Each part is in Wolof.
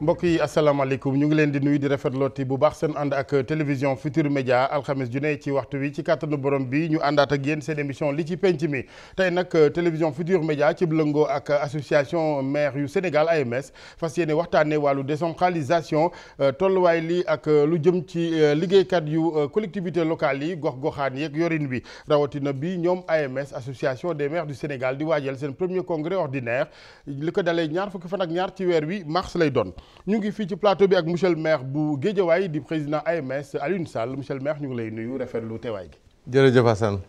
mbokk yi asalaamaaleykum ñu ngi leen di nuyu di rafetlooti bu baax seen ànd ak télévision Futur Média alxames ju ne ci waxtu wi ci kàttanu borom bi ñu àndaat ak yéen seen émission li ci penc mi tey nag euh, télévision Futur Média ci lëngoo ak association maire yu Sénégal AMS fas yéene waxtaanee wàllu décentralisation euh, tolluwaay li ak euh, lu jëm ci liggéeykat yu collectivité locale yi gox-goxaan yeeg yorin bi rawatina bi ñoom AMS association des maires du Sénégal di waajal seen premier congrès ordinaire li ko dalee ñaar fukki fan ak ñaar ci weer wi mars lay doon. ñu ngi fii ci plateau bi ak monsieur le maire bu Guédiawaye di président AMS Alioune Sall monsieur le maire ñu ngi lay nuyu rafetlu teewaay gi. jërëjëf Assane.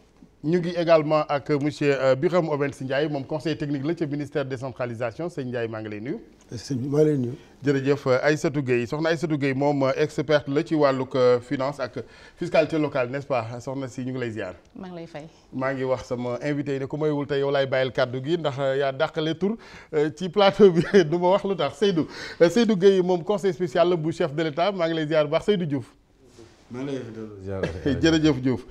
ñu ngi également ak monsieur euh, Birame Owens Ndiaye moom conseil technique la ca ministère décentralisation sëñ Ndiaye maa ngi lay nuyu. sëñ bi maa ngi lay nuyu. ay euh, Aïssatou Gueye soxna Aïssatou Gueye moom euh, experte la ci wàllug finance ak fiscalité local n'est-ce soxna si ñu ngi lay ziar. maa ngi lay fay. maa ngi wax sama invité yi ne ku mayewul tey yow laay bàyyil kàddu gi ndax yaa dàqale tur ci plateau bi du ma wax lu tax saydu Seydou Gueye moom conseil spécial bu chef de l'État maa ngi lay ziar bu baax Seydou Diouf. jërëjëf jëf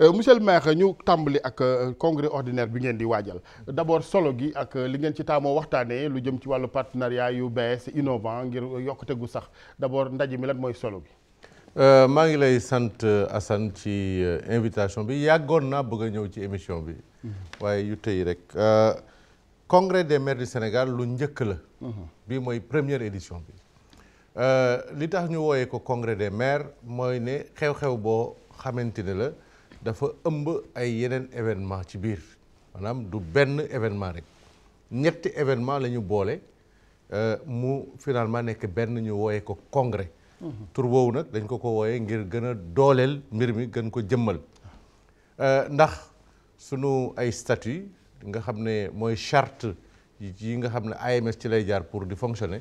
euh, monsieur le maire ñu tàmbali ak euh, congrès ordinaire bi ngeen di waajal d'abord solo gi ak euh, li ngeen ci taamoo waxtaanee lu jëm ci wàllu partenariat yu bees innovant ngir yokkute gu sax d'abord ndaje mi lan mooy solo gi maa ngi lay sant Assane ci invitation bi yàggoon naa bëgg ñëw ci émission bi mhm. waaye yu tey rek congrès des maires du Sénégal lu njëkk la mhm. bii mooy première édition bi Euh, li tax ñu wooyee ko congrès des maires mooy ne xew-xew boo xamante ne la dafa ëmb ay yeneen événement ci biir maanaam du benn événement rek ñetti événement la ñu boole euh, mu finalement nekk benn ñu wooyee ko congrès mhm. tur boobu nag dañ ko ko wooyee ngir gën a dooleel mbir mi gën ko jëmmal euh, ndax sunu ay statut nga xam ne mooy charte yi nga xam ne AMS ci lay jaar pour di fonctionner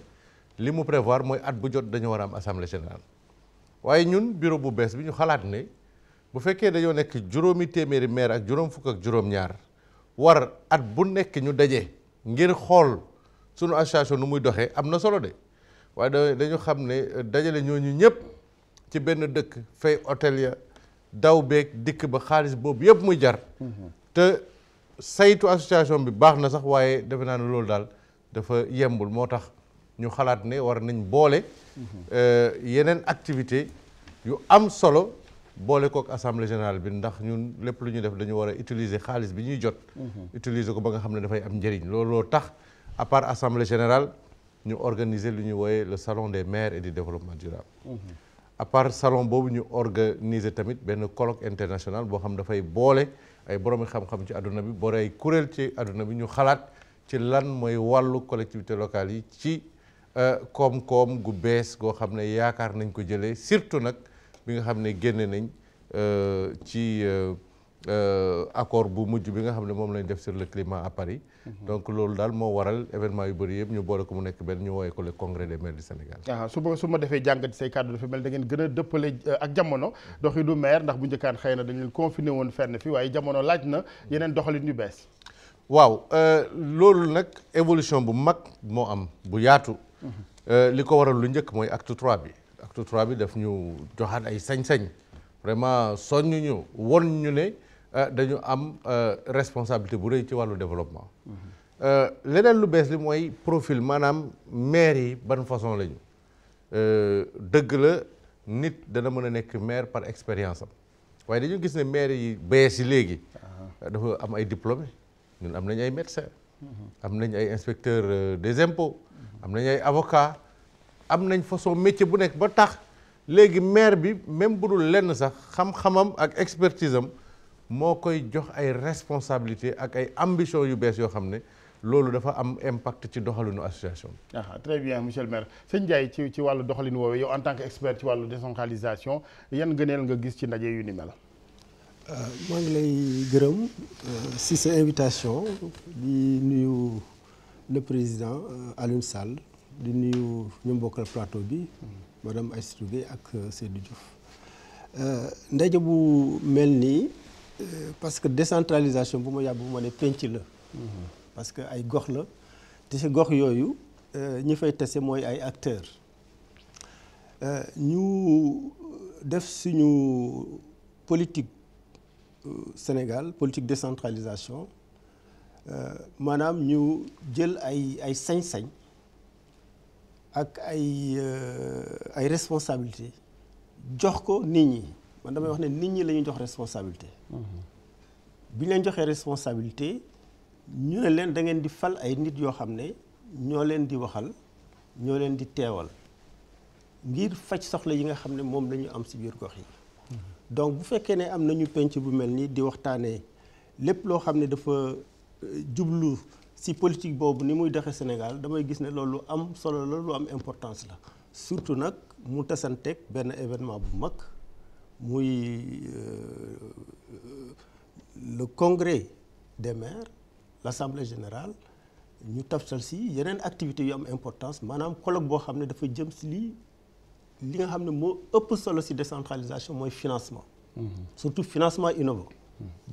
li mu prévoir mooy at bu jot dañu war a am assemblée générale waaye ñun bureau bu bees bi ñu xalaat ne bu fekkee dañoo nekk juróomi téeméeri maire ak juróom fukk ak juróom-ñaar war at bu nekk ñu daje ngir xool sunu association nu muy doxee am na solo de waaye dañu xam ne dajale ñu ñëpp ci benn dëkk fay hôtel ya daw beeg dikk ba xaalis boobu yëpp muy jar. Mhm. te saytu association bi baax na sax waaye defe naa ne loolu daal dafa yembul moo tax. ñu xalaat ne war nañ boole euh, yeneen activité yu am solo boole kook assemblée générale bi ndax ñun lépp lu ñu def dañu war a utiliser xaalis bi ñuy jot mhm. utiliser ko ba nga xam ne dafay am njëriñ looloo tax à part assemblée générale ñu organiser lu ñuy wooyee le salon des maires et du développement durable mhm. à part salon boobu ñu organiser tamit benn colloque international boo xam dafay boole ay boroomi xam-xam ci àdduna bi boole ay kuréel ci àdduna bi ñu xalaat ci lan mooy wàllu collectivité locale yi ci Euh, koom-koom gu bees goo xam ne yaakaar nañ ko jëlee surtout nag bi nga xam ne génne nañ euh, ci euh, accord bu mujj bi nga xam ne moom lañ def sur le climat à Paris. Mhm. donc loolu daal moo waral événement yu bëri yëpp ñu boole ko mu nekk benn ñu wooyee ko le congrès des maires du Sénégal. waaw ah, su ma su ma defee jàngat say kàddu dafa mel da ngeen gën a dëppale ak jamono mhm. doxinu maire ndax bu njëkkaan xëy na dañu leen woon fenn fi waaye jamono laaj na mhm. yeneen doxalin yu bees. waaw loolu nag évolution bu mag moo am bu yaatu. Euh, li ko waral lu njëkk mooy acte trois bi acte trois bi daf ñu joxaat ay sañ-sañ vraiment soññu ñu won ñu ne euh, dañu am euh, responsabilité bu rëy ci wàllu développement mm-hmm. leneen lu bees li mooy profil maanaam maire yi ban façon lañu dëgg la nit dana mën a nekk maire par expérience am waaye dañu gis ne maire yi bees yi léegi uh-huh. dafa am ay diplômé ñun am nañ ay médecin mm-hmm. am nañ ay inspecteur des impôts am nañ ay avocat am nañ façon métier bu nekk ba tax léegi maire bi même bu dul lenn sax xam-xamam ak expertise moo koy jox ay responsabilité ak ay ambition yu bees yoo xam ne loolu dafa am impact ci doxalinu association bi. ah très bien monsieur le maire sëñ Ndiaye ci ci wàllu doxalin woowee yow en tant que expert ci wàllu décentralisation yan ngëneel nga gis ci ndaje yu ni mel. Euh, maa lay gërëm euh, si sa invitation di nuyu. le président euh, Alioune Sall di nuyu ñu mbokkal plateau bi madame Aïssatou Gueye ak euh, Seydou Diouf euh, ndaje bu mel nii parce que décentralisation bu ma yàbb bu ma ne penc la parce que ay gox la te si gox yooyu ñi fay tase mooy ay acteurs ñu def suñu politique Sénégal politique décentralisation maanaam ñu jël ay ay sañ-sañ ak ay euh, ay responsabilité jox ko nit ñi man damay wax ne nit ñi la ñuy jox responsabilité mm-hmm. bi ñu leen joxee responsabilité ñu ne leen dangeen di fal ay nit yoo xam ne ñoo leen di waxal ñoo leen di teewal ngir faj soxla yi nga xam ne moom la am si biir gox yi mm-hmm. donc bu fekkee ne am nañu penc bu mel nii di waxtaanee lépp loo xam ne dafa jublu si politique boobu ni muy doxee Sénégal damay gis ne loolu am solo la lu am importance la surtout nag mu tasanteeg benn événement bu mag muy euh, le congrès des maires l'assemblée général ñu taftal si yeneen activités yu am importance maanaam colloque boo xam ne dafa jëm si lii li nga xam ne moo ëpp solo si décentralisation mooy financement mm-hmm. surtout financement innovant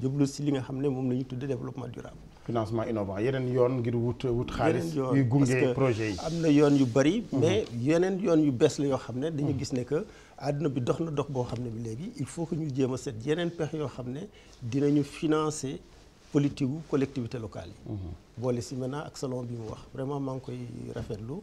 jublu si li nga xam ne moom la ñu tudde développement durable financement innovant yeneen yoon ngir wut wut xaalis yuy gunge projet yi am na yoon yu bari mhm. mais yeneen yoon yu bees la yoo xam ne dañu mhm. gis ne que àdduna bi dox na dox boo xam ne bi léegi il faut que ñu jéem a seet yeneen pexe yoo xam ne dinañu financer politique gu collectivité locale yi mhm. boole si maintenant ak salon bi mu wax vraiment maa ngi koy rafetlu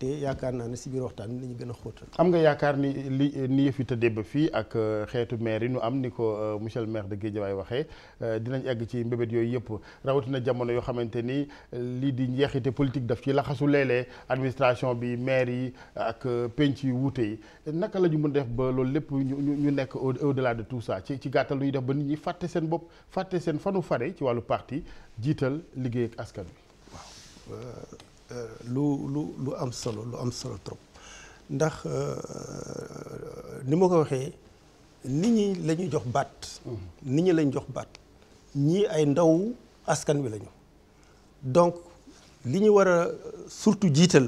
te yaakaar naa ne si biir waxtaan bi nañu gën a xóotal. am nga yaakaar ni li ni yëf yi ba fii ak euh, xeetu maire yi nu am ni ko euh, monsieur maire de Guédiawaye waxee euh, dinañ egg ci mbébét yooyu yëpp rawatina jamono yoo xamante ni lii di njeexite politique daf ci laxasu léeg-léeg administration bi maire yi ak penc yu wuute yi naka la ñu mën def ba loolu lépp ñu ñu nekk au delà de tout ça ci ci gàttal lu ñu def ba nit ñi fàtte seen bopp fàtte seen fanu fare ci wàllu parti jiital liggéey askan bi Euh, lu lu lu am solo lu am solo trop ndax euh, ni ma ko waxee nit ñi la ñuy jox baat. Mm-hmm. nit ñi lañ jox baat ñii ay ndaw askan wi lañu donc li ñu war a surtout jiital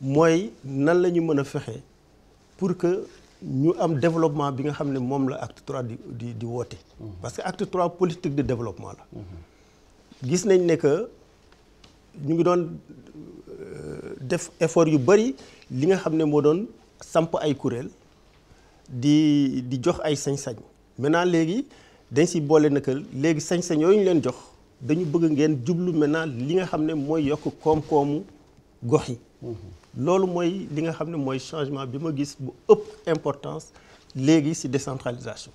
mooy nan la ñu mën a fexe pour que ñu am développement bi nga xam ne moom la acte trois di di di woote. Mm-hmm. parce que acte trois politique de développement la. Mm-hmm. gis nañ ne ñu ngi doon euh, def effort yu bari li nga xam ne moo doon samp ay kuréel di di jox ay sañ-sañ maintenant léegi dañ si boole naka léegi sañ-sañ yooyu ñu leen jox dañu bëgg ngeen jublu maintenant li nga xam ne mooy yokk koom-koomu gox yi. Mm-hmm. loolu mooy li nga xam ne mooy changement bi ma gis bu ëpp importance léegi si décentralisation.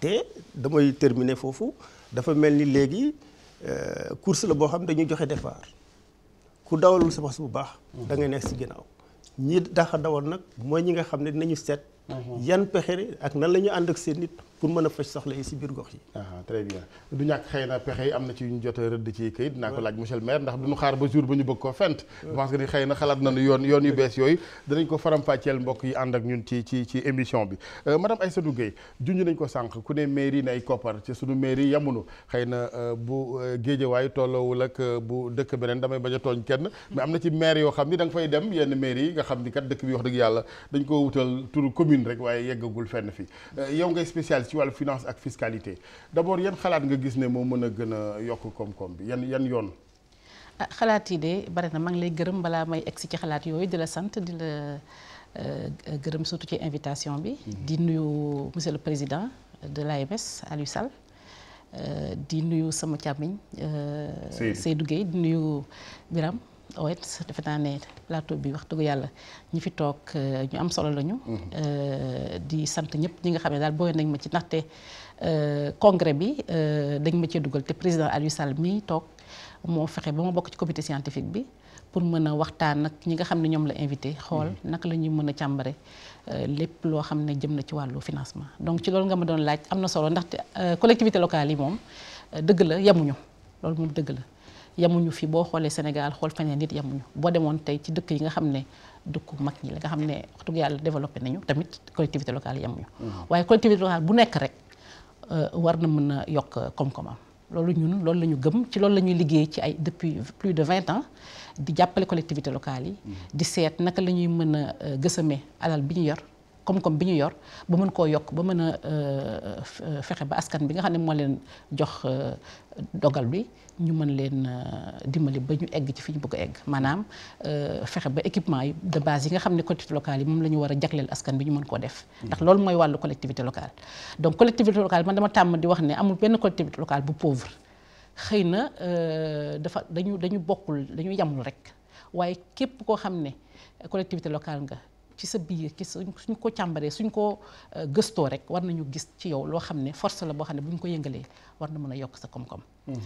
te damay terminer foofu dafa mel ni léegi euh, course la boo xam ne dañuy joxe départ. ku dawalul sa bos bu baax da ngay nekk si ginnaaw ñi daxa dawal nag mooy ñi nga xam ne dinañu seet mhm. yan pexe ak nan la ñu ànd ak seen nit pour mën a faj soxla yi si biir gox yi. très du ñàkk xëy na pexe yi am na ci yu ñu jot a rëdd ci këyit dinaa ko laaj monsieur maire ndax duñu xaar ba jour ba ñu bëgg koo fent je que ni xëy na xalaat nañu yoon yoon yu bees yooyu danañ ko faram-fàcceel mbokk yi ànd ak ñun ci ci ci émission bi euh, madame Aïssatou Gueye junj nañ ko sànq ku ne mairie ne ay koppar ci suñu mairie yamunu xëy na euh, bu euh, géejawaay tolloowul ak bu dëkk beneen damay bañ a tooñ kenn mais am na ci maire yoo xam ni da nga dem yenn mairie yi nga xam ni kat dëkk bi wax dëgg yàlla dañ ko wutal rek waaye yeggagul fenn fi ci wàllu finance ak fiscalité d'abord yan xalaat nga gis ne moo mën a gën a yokk koom-koom bi yan yan yoon. ah xalaat yi de bari na maa lay gërëm balaa may egsi ci xalaat yooyu di la sant di la euh, gërëm surtout ci invitation bi. Mhm. di nuyu monsieur le président de l'AMS Aliou Sall. Euh, di nuyu sama càmmiñ. Euh, Seydou Guèye di nuyu Biram owet oh, defe naa ne plateau bi wax dëgg yàlla ñi fi toog euh, ñu am solo lañu. Mm-hmm. Euh, di sant ñëpp ñi nga xam ne daal booy nañ ma ci ndaxte euh, congrès bi dañ ma cee dugal te président Aliou Sall mi toog moo fexe ba ma bokk ci comité scientifique bi pour mën a waxtaan ak ñi nga xam ne ñoom la invité. Mm-hmm. xool naka la ñuy mën a càmbare lépp loo xam ne jëm na ci wàllu financement. donc ci loolu nga ma doon laaj am na solo ndaxte collectivité locale yi moom dëgg la yemuñu loolu dëgg la. yamuñu fi boo xoolee Sénégal xool feneen nit yamuñu boo demoon tey ci dëkk yi nga xam ne dëkk mag ñi la nga xam ne wax dëgg yàlla développé nañu tamit collectivité locale yamuñu mm-hmm. waaye collectivité locale bu nekk rek euh, war na mën a yokk koom-koomam loolu ñun loolu la ñu gëm ci loolu la ñuy liggéey ci ay depuis plus de vingt ans di jàppale collectivité locale yi mm-hmm. di seet naka la ñuy mën a euh, gësamee alal bi ñu yor koom-koom bi ñu yor ba mën koo yokk ba mën a euh, euh, fexe ba askan bi nga xam ne moo leen jox euh, dogal bi ñu mën leen dimbali ba ñu egg ci fi ñu bëgg a egg maanaam fexe ba équipement yi de yi nga xam ne collectivité locale yi moom la ñu war a jagleel askan bi ñu mën koo def ndax loolu mooy wàllu collectivité local donc collectivité local man dama tàmm di wax ne amul benn collectivité locale bu pauvre xëy na dafa dañu dañu bokkul dañu yamul rek waaye képp koo xam ne collectivité locale nga ci sa biir ci suñ ko càmbaree suñ ko euh, gëstoo rek war nañu gis ci yow loo xam ne force la boo xam ne bu ñu ko yëngalee war na mën a yokk sa koom-koom. Mm-hmm.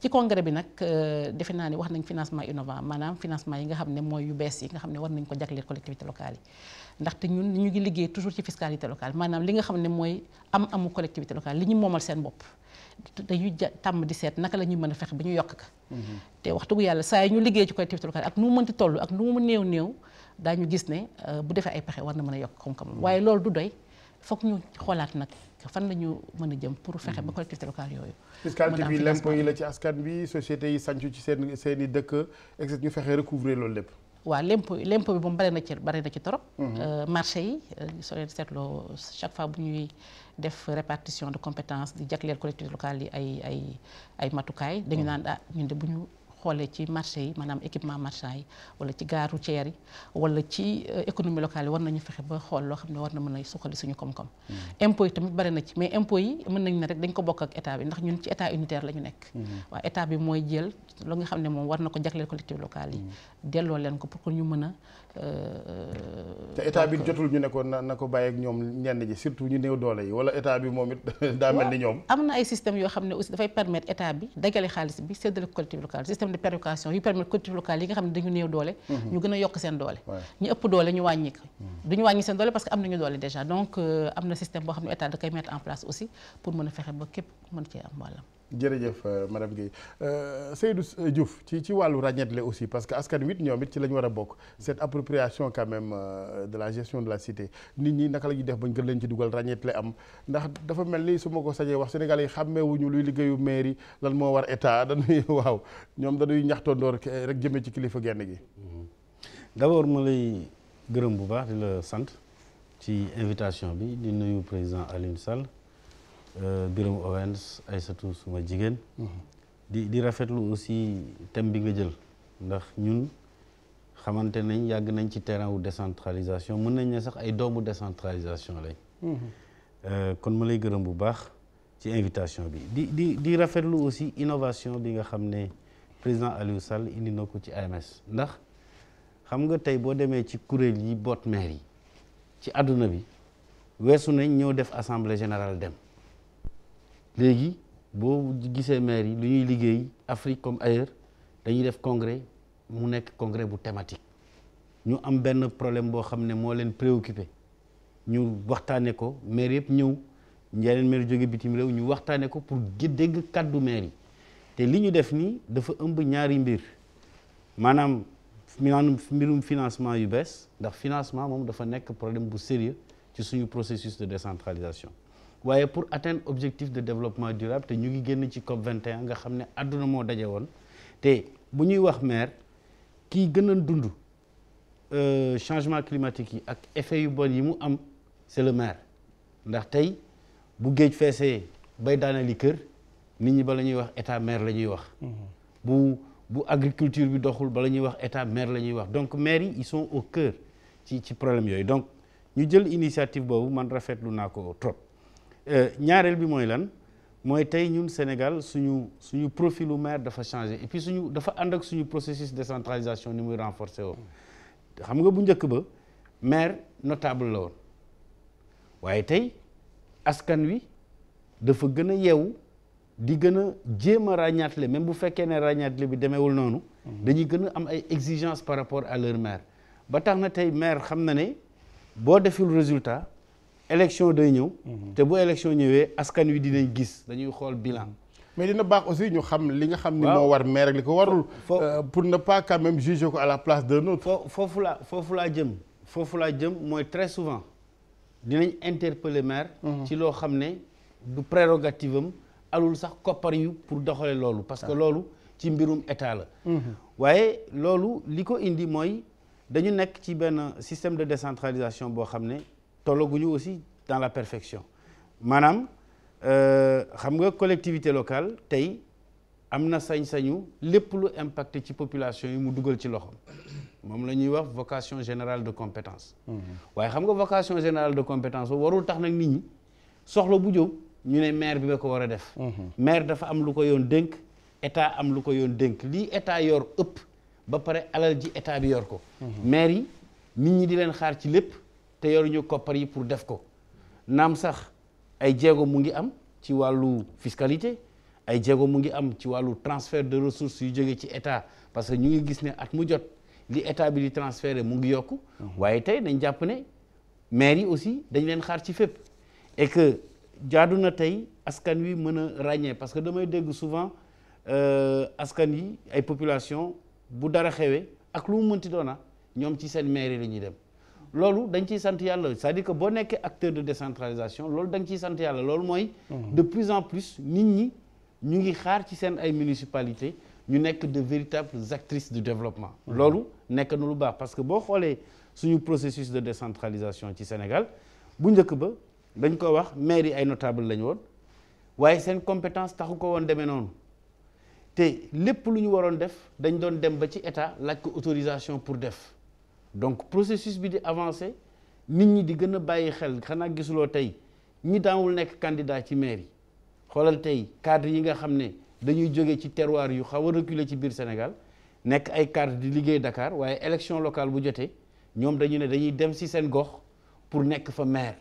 ci congrès bi nag euh, defe naa ne wax nañ financement innovant maanaam financement yi nga xam ne mooy yu bees yi nga xam ne war nañ ko jagleel collectivité locale yi ndaxte ñun ñu ngi liggéey toujours ci fiscalité locale maanaam li nga xam ne mooy am amu collectivité locale li ñu moomal seen bopp di seet naka la ñuy mën a fexe ba ñu yokk ka mm-hmm. te waxtu bu yàlla saa yi ñu liggéey ci daañu gis ne euh, bu defee ay pexe war na mën a yokk xam-xamam waaye loolu du doy foog ñu xoolaat nag fan la ñu mën a jëm pour fexe ba mm-hmm. collectivité locale yooyu. fiscalité bi l'impôt yi la ci askan bi société yi sancu ci seen seen i dëkk et ñu fexe recouvrer loolu lépp. waaw l'impôt l'impôt bi moom bare na ci bare na mm-hmm. euh, marché yi euh, soo leen seetloo chaque fois bu ñuy def répartition de compétence di jagleel collectivité local yi ay ay ay matukaay dañu mm-hmm. naan ah, ñun de bu ñu xoolee ci marché yi maanaam équipement marchand yi wala ci gare routière yi wala ci euh, économie locale yi war nañu fexe ba xool loo xam ne war na mën a suqali suñu koom-koom. Mm-hmm. impôt yi tamit bari na ci mais impôt yi mën nañu ne dañ ko bokk ak état bi ndax ñun ci état la ñu nekk. Mm-hmm. waaw bi mooy jël lu xam ne moom war na ko jagleel collectivité locale yi. Mm-hmm. delloo leen ko pour que ñu mën a. Euh, te état bi jotul ñu ne na na ko bàyyi ak ñoom ñenn ji surtout ñu néew doole yi wala état bi moom it daa ni ñoom. am na ay système yoo xam ne aussi dafay permettre état bi dajale xaalis bi séddale collectivité locale système de péréquation yu permettre collectivités yi nga xam ne dañu néew doole mhm. ñu gën a yokk seen doole ñu ëpp doole ñu wàññi ko mhm. duñu seen doole parce que am nañu doole déjà donc euh, am na système boo xam ne état da koy mettre en place aussi pour mën a fexe ba képp mën cee am wàllam jërëjëf gi euh, Guèye euh, Seydou euh, Diouf ci ci wàllu ràññeetle aussi parce que askan wit ñoom it ci la ñu war a bokk cette appropriation quand même de la gestion de la cité nit ñi naka la ñuy def bañ gën leen ci dugal ràññeetle am ndax dafa mel ni su ma ko sañee wax Sénégal yi xàmmeewuñu luy liggéeyu mairie lan moo war état dañuy waaw ñoom dañuy ñaxtoondoor eh, rek jëmee ci kilifa genn gi. Mm-hmm. d'abord ma lay gërëm bu baax di la sant ci invitation bi di nuyu président Alioune Euh, Birame Owens Aïssatou suma jigéen mhm. di di rafetlu aussi thème bi nga jël ndax ñun xamante nañ yàgg nañ ci terrain wu décentralisation mën nañ ne sax ay doomu décentralisation lañ mhm. euh, kon ma lay gërëm bu baax ci invitation bi di di di rafetlu aussi innovation bi nga xam ne président Aliou Sall indi na ko ci AMS ndax xam nga tey boo demee ci kuréel yi boot maire yi ci àdduna bi weesu nañ ñëw def assemblée général dem léegi boo gisee maire yi lu ñuy liggéey Afrique comme ailleurs dañuy def congrès mu nekk congrès bu thématique ñu am benn problème boo xam ne moo leen préoccupé ñu waxtaane ko maire yëpp ñëw yeneen maire jóge bitim réew ñu waxtaane ko pour dégg kàddu maire yi te li ñu def nii dafa ëmb ñaari mbir maanaam maanaam mbirum financement yu bees ndax financement moom dafa nekk problème bu sérieux ci suñu processus de décentralisation waaye pour atteindre objectif de développement durable te ñu ngi génn ci COP nga xam ne àdduna moo daje woon te bu ñuy wax maire kii gën a dund euh, changement climatique yi ak effet yu bon yi mu am c'est maire ndax tey bu géej feesee bay daanali kër nit ñi ba la ñuy wax état maire la ñuy wax mm-hmm. bu bu agriculture bi doxul ba la ñuy wax état maire la ñuy wax donc maires yi ils sont au cœur ci ci problème yooyu donc ñu jël initiative boobu man rafetlu naa ko trop Euh, ñaareel bi mooy lan mooy tey ñun Sénégal suñu suñu profilu maire dafa changé et puis suñu dafa ànd ak suñu processus centralisation ni muy renforcé woon xam nga bu njëkk ba maire notable la woon waaye tey askan wi dafa gën a yeewu di gën a jéem a ràññaatle même bu fekkee ne ràññaatle bi demeewul noonu mhm. dañuy gën a am ay exigences par rapport à leur maire ba tax na tey maire xam na ne boo deful résultat élection day ñëw. Mhm. te bu élection ñëwee askan wi dinañ gis dañuy xool bilan. mais dina baax aussi ñu xam li nga xam ni moo war maire ak li ko warul euh, pour ne pas même juger ko à la place d'un autre foofu laa foofu laa jëm foofu laa jëm mooy très souvent dinañ interpeller maire mhm. ci loo xam ne du prérogative am alul sax koppar yu pour doxale loolu parce que ah. loolu ci mbirum état la mhm. waaye loolu li ko indi mooy dañu nekk ci benn système de décentralisation boo xam ne tollaguñu aussi dans la perfection maanaam euh, xam nga collectivité locale tey am na sañ-sañu lépp lu impacté ci population yi mu dugal ci loxo moom la ñuy wax vocation générale de compétence mm-hmm. waaye xam nga vocation générale de compétence warul tax nag nit ñi soxla bu jóg ñu ne maire bi ba ko war a def mm-hmm. maire dafa am lu ko yoon dénk état am lu ko yoon dénk lii état yor ëpp ba pare alal ji état bi yor ko mm-hmm. maire yi nit ñi di leen xaar ci lépp te yoruñu koppar yi pour def ko naam sax ay jéego mu ngi am ci wàllu fiscalité ay jéego mu ngi am ci wàllu transfert de ressources yu jóge ci état parce que ñu ngi gis ne at mu jot li état bi di transféré mu ngi yokku waaye tey dañ jàpp ne maire yi aussi dañ leen xaar ci fépp et que jaadu na tey askan wi mën a ràññee parce que damay dégg souvent euh, askan yi ay population bu dara xewee ak lu mu mënti doona ah, ñoom ci seen maire yi la ñuy dem loolu dañ ciy sant yàlla sa à dire que boo nekkee acteur de décentralisation loolu da nga ciy sant yàlla loolu mooy. Mhm. de plus en plus nit ñi ñu ngi xaar ci seen ay municipalités ñu nekk de véritables actrices du développement. Mhm. loolu nekk nu lu baax parce que boo xoolee suñu processus de décentralisation ci Sénégal bu njëkk ba dañ ko wax maire ay notables lañu woon waaye seen compétence taxu ko woon demee noonu. te lépp lu ñu waroon def dañ doon dem ba ci état laaj autorisation pour def donc processus bi di avancé nit ñi di gën a bàyyi xel xanaa gisuloo tey ñi daawul nekk candidat ci maire yi xoolal tey cadre yi nga xam ne dañuy jóge ci terroir yu xaw a reculé ci biir Sénégal nekk ay cadre di liggéey Dakar waaye élection locale bu jotee ñoom dañu ne dañuy dem si seen gox pour nekk fa maire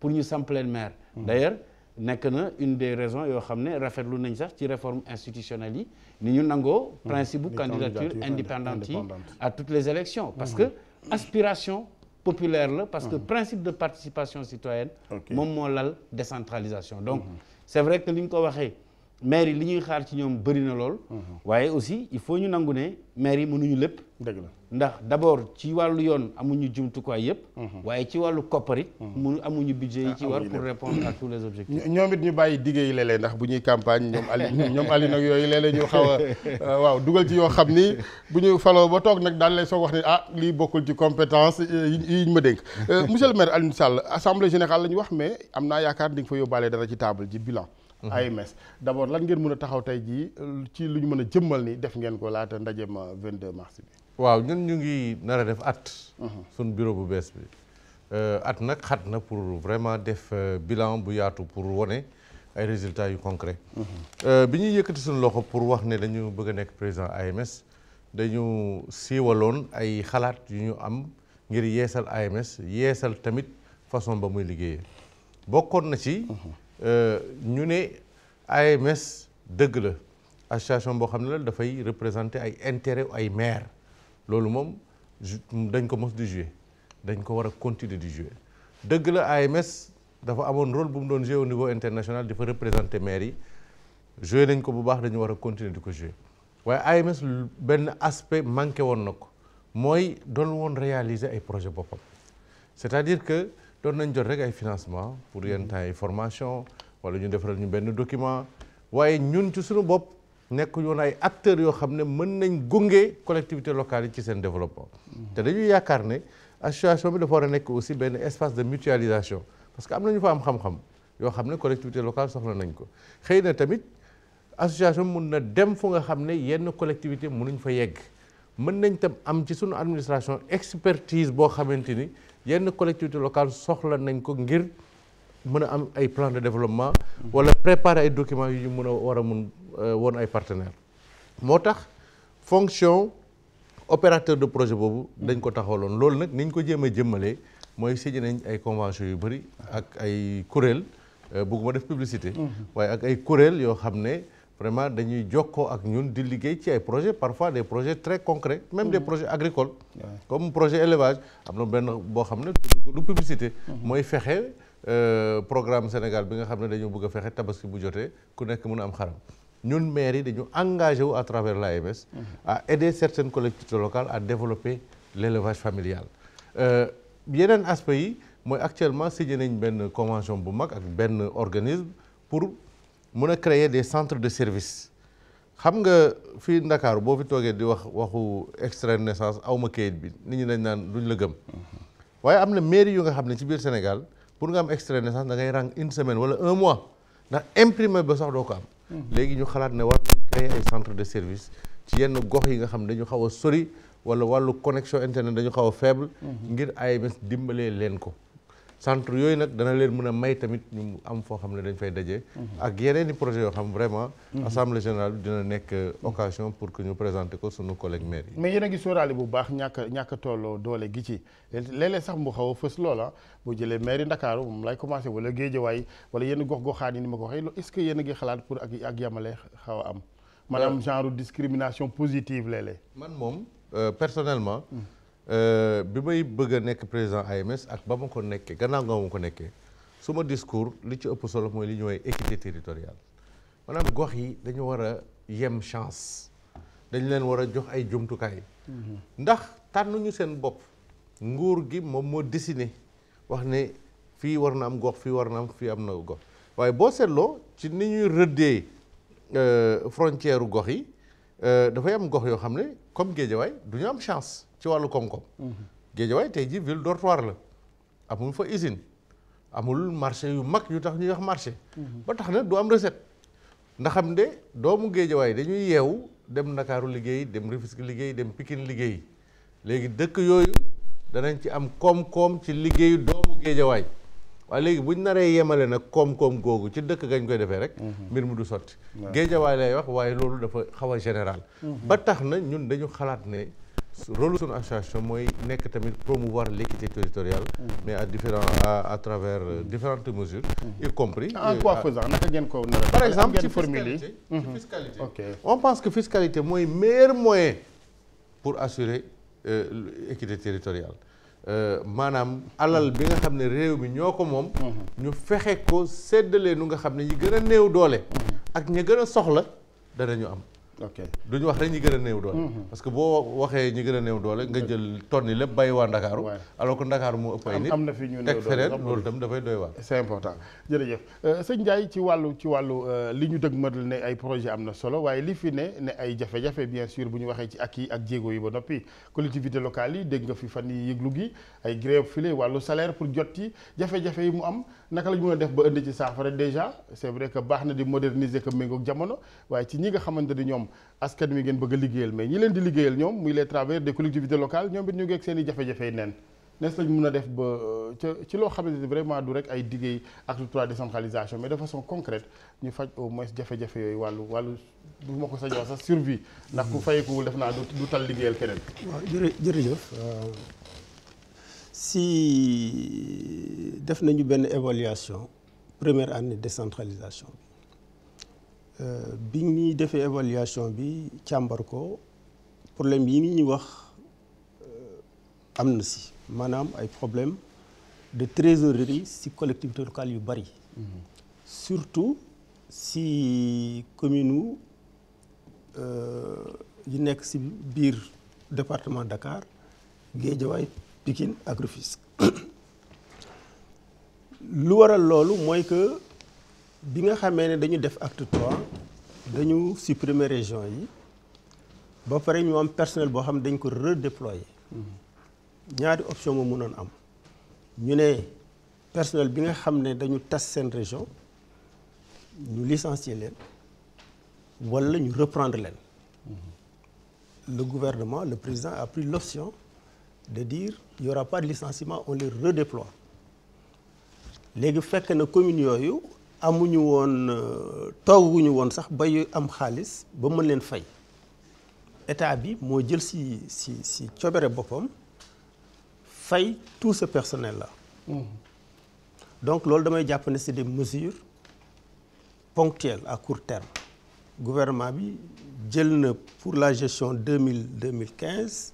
pour ñu samp leen maire hmm. d'ailleurs nekk na une des raisons yoo xam ne rafetlu nañ sax ci réforme institutionnelle yi ni ñu nangoo hmm. principe bu candidature indépendante yi à toutes les élections parce hmm. que Mm. aspiration populaire la parce que mm. principe de participation citoyenne moom moo lal décentralisation donc mm-hmm. c'est vrai que li ñu ko waxee maire yi li ñuy xaar ci ñoom bëri na lool. Mhm. waaye aussi il faut ñu nangu ne maire yi mënuñu lépp. dëgg la ndax d' abord ci wàllu yoon amuñu jumtukaay yëpp. Mhm. waaye ci wàllu koppar it. Mhm. mu amuñu budget yi ci ah, war pour répondre à tous les objectifs. ñoom it ñu bàyyi diggé yi léeg ndax bu ñuy campagne ñoom Ali ñoom Ali nag yooyu léeg-léeg ñu xaw a euh, waaw dugal ci yoo xam ni bu ñu faloo ba toog nag daal lay soog wax ne ah lii bokkul ci compétence yi ñu ma dénk. Euh, monsieur le maire Alioune Sall assemblée générale la wax mais am naa yaakaar di nga fa yóbbaale dara ci table ji bilan Mm-hmm. AMS d' abord lan ngeen mën a taxaw tey jii ci lu ñu mën a jëmmal nii def ngeen ko laata ndaje ma 22 mars bi. waaw ñun ñu ngi nar a def at. Mm-hmm. suñ bureau bu bees bi. Euh, at nag xat na pour vraiment def euh, bilan bu yaatu pour wane ay résultats yu concret mm-hmm. euh, bi ñuy yëkkati suñu loxo pour wax ne dañu bëgg a nekk président AMS dañu siiwaloon ay xalaat yu ñu am ngir yeesal AMS yeesal tamit façon ba muy liggéeyee bokkoon na ci. Euh, ñu ne AMS dëgg la association boo xam ne la dafay représenter ay intérêt ay maire loolu moom dañ ko mos di jouer dañ ko war a continuer di jouer dëgg la AMS dafa amoon rôle bu mu doon jouer au niveau international di fa représenter maire yi jouer nañ ko bu baax dañu war a continuer di ko jouer waaye AMS benn aspect manqué woon na ko mooy doon woon réaliser ay projet boppam c'est-à-dire que doon nañ jot rek ay financement pour yenn mm-hmm. temps ay formation wala ñu defaral ñu benn document waaye ñun ci suñu bopp nekk yoon ay acteurs yoo xam ne mën nañ gunge collectivité locale yi ci seen développement mm-hmm. te dañuy yaakaar ne association bi dafa war a nekk aussi benn espace de mutualisation parce que am nañu fa am xam-xam yoo xam ne collectivité locale soxla nañ ko xëy na tamit association mun na dem fu nga xam ne yenn collectivité mënuñ fa yegg mën nañ tam am ci suñu administration expertise boo xamante ni yenn collectivité locale soxla nañ ko ngir mën a am ay plan de développement wala préparer ay documents yu ñu mën a war a mun euh, woon ay partenaires moo tax fonction opérateur de projet boobu dañ ko taxawaloon loolu nag ni ko jéem jëmmalee mooy signé nañ ay convention yu bëri ak ay kuréel euh, bëgguma def publicité mm-hmm. waaye ak ay kuréel yoo xam ne vraiment dañuy jokkoo ak ñun di liggéey ci ay projets parfois des projet très concrets même des mm-hmm. projet agricoles comme projet élevage am na benn boo xam ne du publicité mm-hmm. mooy fexe euh, programme Sénégal bi nga xam ne dañoo bëgg a fexe tabaski bu jotee ku nekk mun a am xaram ñun maires yi dañu engagé wu à travers l'AMS mm-hmm. à aider certaines locale locales à développer l'élevage familial euh, yeneen aspect yi mooy actuellement signé nañ benn convention bu mag ak benn organisme pour mun a créer des centre de service xam nga fii Ndakaaru boo fi toogee di wax waxu extrait naissance aw ma kayit bi nit ñi dañ naan duñ la gëm waaye am na mairie yu nga xam ne ci biir Sénégal pour nga am extrait naissance da ngay rang une semaine wala un mois ndax imprimé ba sax doo ko am. Mhm. léegi ñu xalaat ne war ay centre de service ci yenn gox yi nga xam ne dañu xaw a sori wala wàllu connexion internet dañu xaw a faible. Mhm. ngir AMS dimbalee leen ko. centre yooyu nag dana leen mën a may tamit ñu am foo xam ne dañ fay daje. Mhm. ak yeneen i projet yoo xam vraiment. Mhm. assemblée générale dina nekk euh, occasion pour que ñu présenter ko sunu collègue maire mais yéen a ngi sóoraale bu baax ñàkk ñàkk tolloo doole gi ci léeg-léeg sax mu xaw a fës loola boo jëlee maire yi Ndakaaru moom lay commencé wala Géejawaay wala yenn gox-goxaan yi ni ma ko waxee est-ce que yéen a xalaat pour ak ak yamale xaw a am. maanaam euh, genre discrimination positiv léeg-léeg man moom euh, personnellement. Mm. Euh, bi may bëgg a nekk président AMS ak ba ma ko nekkee gannaaw nga ma ko nekkee suma discours li ci ëpp solo mooy li ñu woowee équité territoriale maanaam gox yi dañu war a yem chance dañ leen war a jox ay jumtukaay mhm. ndax tànnuñu seen bopp nguur gi moom moo dessiné wax ne fii war na am gox fii war na am fii am na gox waaye boo seetloo ci ni ñuy rëddee euh, frontière gox yi euh, dafay am gox yoo xam ne comme Guédiawaye du ñu am chance ci wàllu koom-koom. Géejawaay tey jii ville dortoir la amul fa usine amul marché yu mag yu tax ñuy wax marché. ba tax na du am recette. ndax xam ne doomu Géejawaay dañuy yeew dem Ndakaaru liggéey dem Rufisque liggéey dem Pikine liggéey léegi dëkk yooyu danañ ci am koom-koom ci liggéey doomu Géejawaay waaye léegi buñ naree yemale nag koom-koom googu ci dëkk gañ koy defee rek. Mhm. mbir mi du sotti. Géejawaay lay wax waaye loolu dafa xaw a général. Mhm. ba tax na ñun dañu xalaat ne. rôle suñu association mooy nekk tamit promouvoir l'équité territoriale mm. mais à différents à à travers euh, différentes mesures mm. y compris ah, en euh, quoi ngeen ko par exemple ci fiscalité ci mm-hmm. fiscalité on pense que fiscalité mooy meilleur moyen pour assurer euh, équité territoriale maanaam alal bi nga xam ne réew mi ñoo ko moom mm-hmm. ñu fexe ko seddalee nu nga xam ne ñi gën a néew doole mm-hmm. ak ñi gën a soxla dana ñu am ok duñu wax rek ñi gën a néew doole. Mm-hmm. parce que boo waxee ñi gën a néew doole nga jël ton tonni lépp bàyyi waa Ndakaaru. alors que Ndakaaru moo ëpp ay nit am na fi ñu néew doole teg feneen loolu itam dafay doy waar. c'est important jërëjëf euh, sëñ Ndiaye ci wàllu ci wàllu euh, li ñu dëgmal ne ay projet am na solo waaye li fi ne ne ay jafe-jafe bien sûr bu ñu waxee ci ak yi ak jéego yi ba noppi collectivité locale yi dégg nga fi fan yi yëglu gi ay grève file wàllu salaire pour jot yi jafe yi mu am naka la ñu mën a def ba indi ci saafara déjà c'est vrai que baax na di moderniser ko méngoog jamono waaye ci ñi nga xamante ni ñoom askan wi ngeen bëgg a liggéeyal mais ñi leen di liggéeyal ñoom muy les travailleurs des collectivités locales ñoom it ñu ngeeg seen i jafe-jafe neen nes lañ mën a def ba euh, ca ci loo xamante ni vraiment du rek ay diggéey ak trois décentralisation mais de façon concrète ñu faj au moins jafe-jafe yooyu wàllu wàllu du ma ko sañoo sax survie ndax ku mm-hmm. def naa du tal liggéeyal keneen waaw jërëjëf euh, si def nañu benn évaluation première année décentralisation bi euh, bi ñuy defee évaluation bi càmbar ko problème yi ñuy wax euh, am na si maanaam ay problème de trésorerie si collectivité locale yu bari mhm. surtout si commune wu euh, yi nekk si biir département Dakar Guédiawaye Pikine ak lu waral loolu mooy que bi nga xamee ne dañu def acte trois dañu supprimer région yi ba pare ñu am personnel boo xam ne dañ ko redéployer ñaari option mu mënoon am ñu ne personnel bi nga xam ne dañu tas seen région ñu licencier leen walla ñu reprendre leen le gouvernement le président a pris l'option de dire il y aura pas de licenciement on les redéploie léegi fekk na communes yooyu amuñu woon euh, tooguñu woon sax ba am xaalis ba mën leen fay état bi moo jël si si si coobere boppam fay tout ce personnel la mm-hmm. donc loolu damay jàpp ne c'est des mesures ponctuelles à court terme le gouvernement bi jël na pour la gestion deux mille deux mille quinze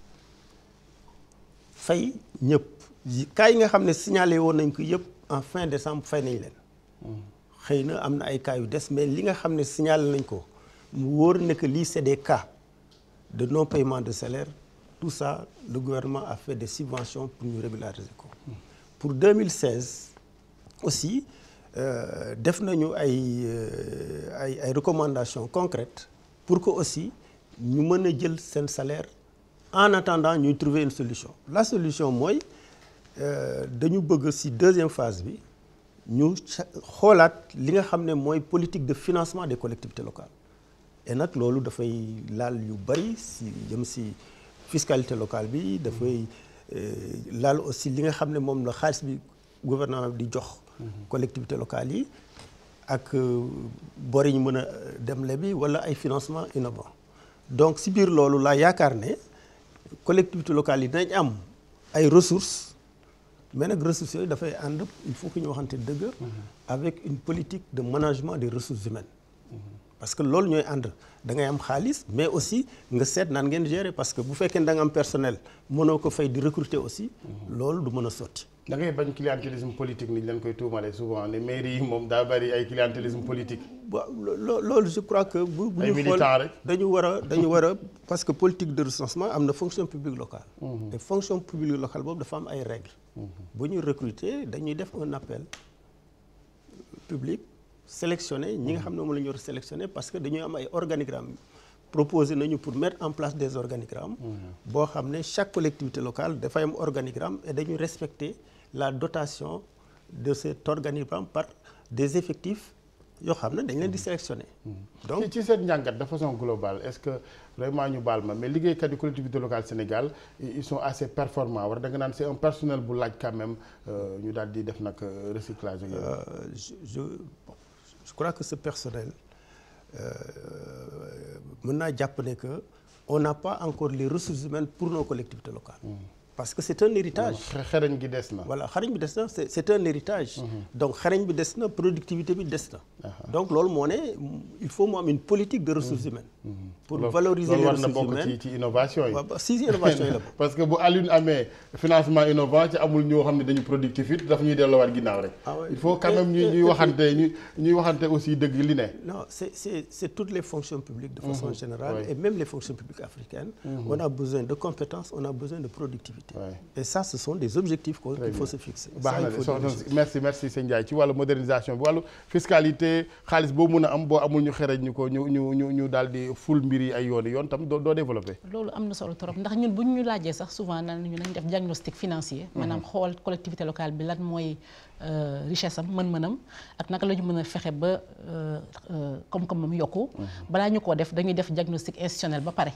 fay ñëpp cas yi nga xam ne signalé woon nañ ko yëpp en fin décembre fay nañ leen xëy na am na ay kaa yu des mais li nga xam ne signalé nañ ko mu wóor ne que lii c'est des cas de non paiement de salaire tout ça le gouvernement a fait de subvention pour ñu régulariser ko pour 2016 aussi euh, def nañu ay euh, ay ay recommandations pour que aussi ñu mën a jël seen salaire en attendant ñuy trouver une solution la solution mooy euh, dañu bëgg si deuxième phase bi ñu xoolaat li nga xam ne mooy politique de financement de collectivités locale et nag loolu dafay laal yu bari ci jëm si fiscalité locale bi dafay euh, laal aussi li nga xam ne moom la xaalis bi gouvernement di jox mhm. collectivités locales yi ak euh, bor yi ñu mën a demle bi walla ay financement innovant donc ci biir loolu laa yaakaar ne collectivité locale yi dinañ am ay ressources mais nag ressources yooyu dafay ànd il faut que ñu waxante dëgg. avec une politique de management des ressources humaines. parce que loolu ñooy ànd da ngay am xaalis mais aussi nga seet naan ngeen gérer parce que bu fekkee da am personnel mënoo ko fay di recruter aussi. lool du mën a sotti. da ngay bañ clientélisme politique ni ñu leen koy tuumale souvent ne mairie yi moom daa bari ay clientélisme politique. waaw loolu je crois que. bu bu ñu xool dañu war a dañu war a parce que politique de recensement am na fonction publique locale. Mhm. te fonction publique locale boobu dafa am ay règles. Mhm. bu ñu recruter dañuy def un appel public sélectionné ñi nga xam ne moom la ñu parce que dañuy am ay organigrammes. proposé nañu pour mettre en place des organigrammes. Mhm. boo xam ne chaque collectivité locale dafay am organigramme et dañu respecter. la dotation de cet organigramme par des effectifs yoo xam ne dañ leen di sélectionner. Mm-hmm. donc ci seen njàngat de façon globale est-ce que vraiment ñu baal ma mais liggéeykat yi collectivité locale Sénégal ils sont assez performants war da nga naan c'est un personnel bu laaj quand même euh, ñu daal di def nag euh, recyclage. Euh, je je crois que ce personnel mën naa jàpp ne que on n'a pas encore le ressources humaines pour nos collectivités locales. Mmh. parce que c'est un héritage xarañ des na voilà xarañ bi des na c'est un mhm. bi des na productivité bi des na donc loolu moo ne il faut mu am une politique de ressources humaines mhm. Mhm. pour valoriser les ressources humaines loolu war parce que bu Alioune amee financement innovant ci amul ñoo xam ne dañu productif it daf ñuy delluwaat ginnaaw rek ah il faut quand ñuy waxante ñu ñuy waxante aussi dëgg li ne non c'est c'est c'est toutes les fonctions publiques de façon générale et même les fonctions publiques africaines on a besoin de compétences qualité. Ouais. et ça ce sont des objectifs ko qu faut se fixer. merci merci sëñ ci wàllu modernisation bi wàllu xaalis boo mun a am boo amul ñu xereñ ñu ko ñu ñu ñu ñu daal di ful mbir ay yoon yoon tam doo doo développé. loolu am na solo trop ndax ñun bu ñu laajee sax souvent naan ñu nañ def diagnostic financier. Mhm. maanaam xool collectivité locale bi lan mooy euh, richesse am mën-mënam ak naka la ñu mën a fexe ba euh, euh, koom-koomam yokku. Mhm. balaa ñu koo def dañuy def diagnostic institutionnel ba pare.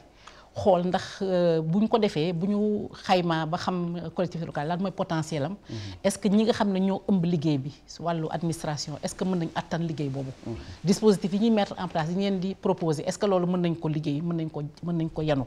xool ndax euh, bu ñu ko defee bu ñu xaymaa ba xam collectivité locale lan mooy potentiel mm-hmm. est-ce que ñi nga xam ne ñoo ëmb liggéey bi wàllu administration est-ce que mën nañ attan liggéey boobu. Mm-hmm. dispositif yi ñuy mettre en place yi ngeen di proposer est-ce que loolu mën nañ ko liggéey mën nañ ko mën nañ ko yanu.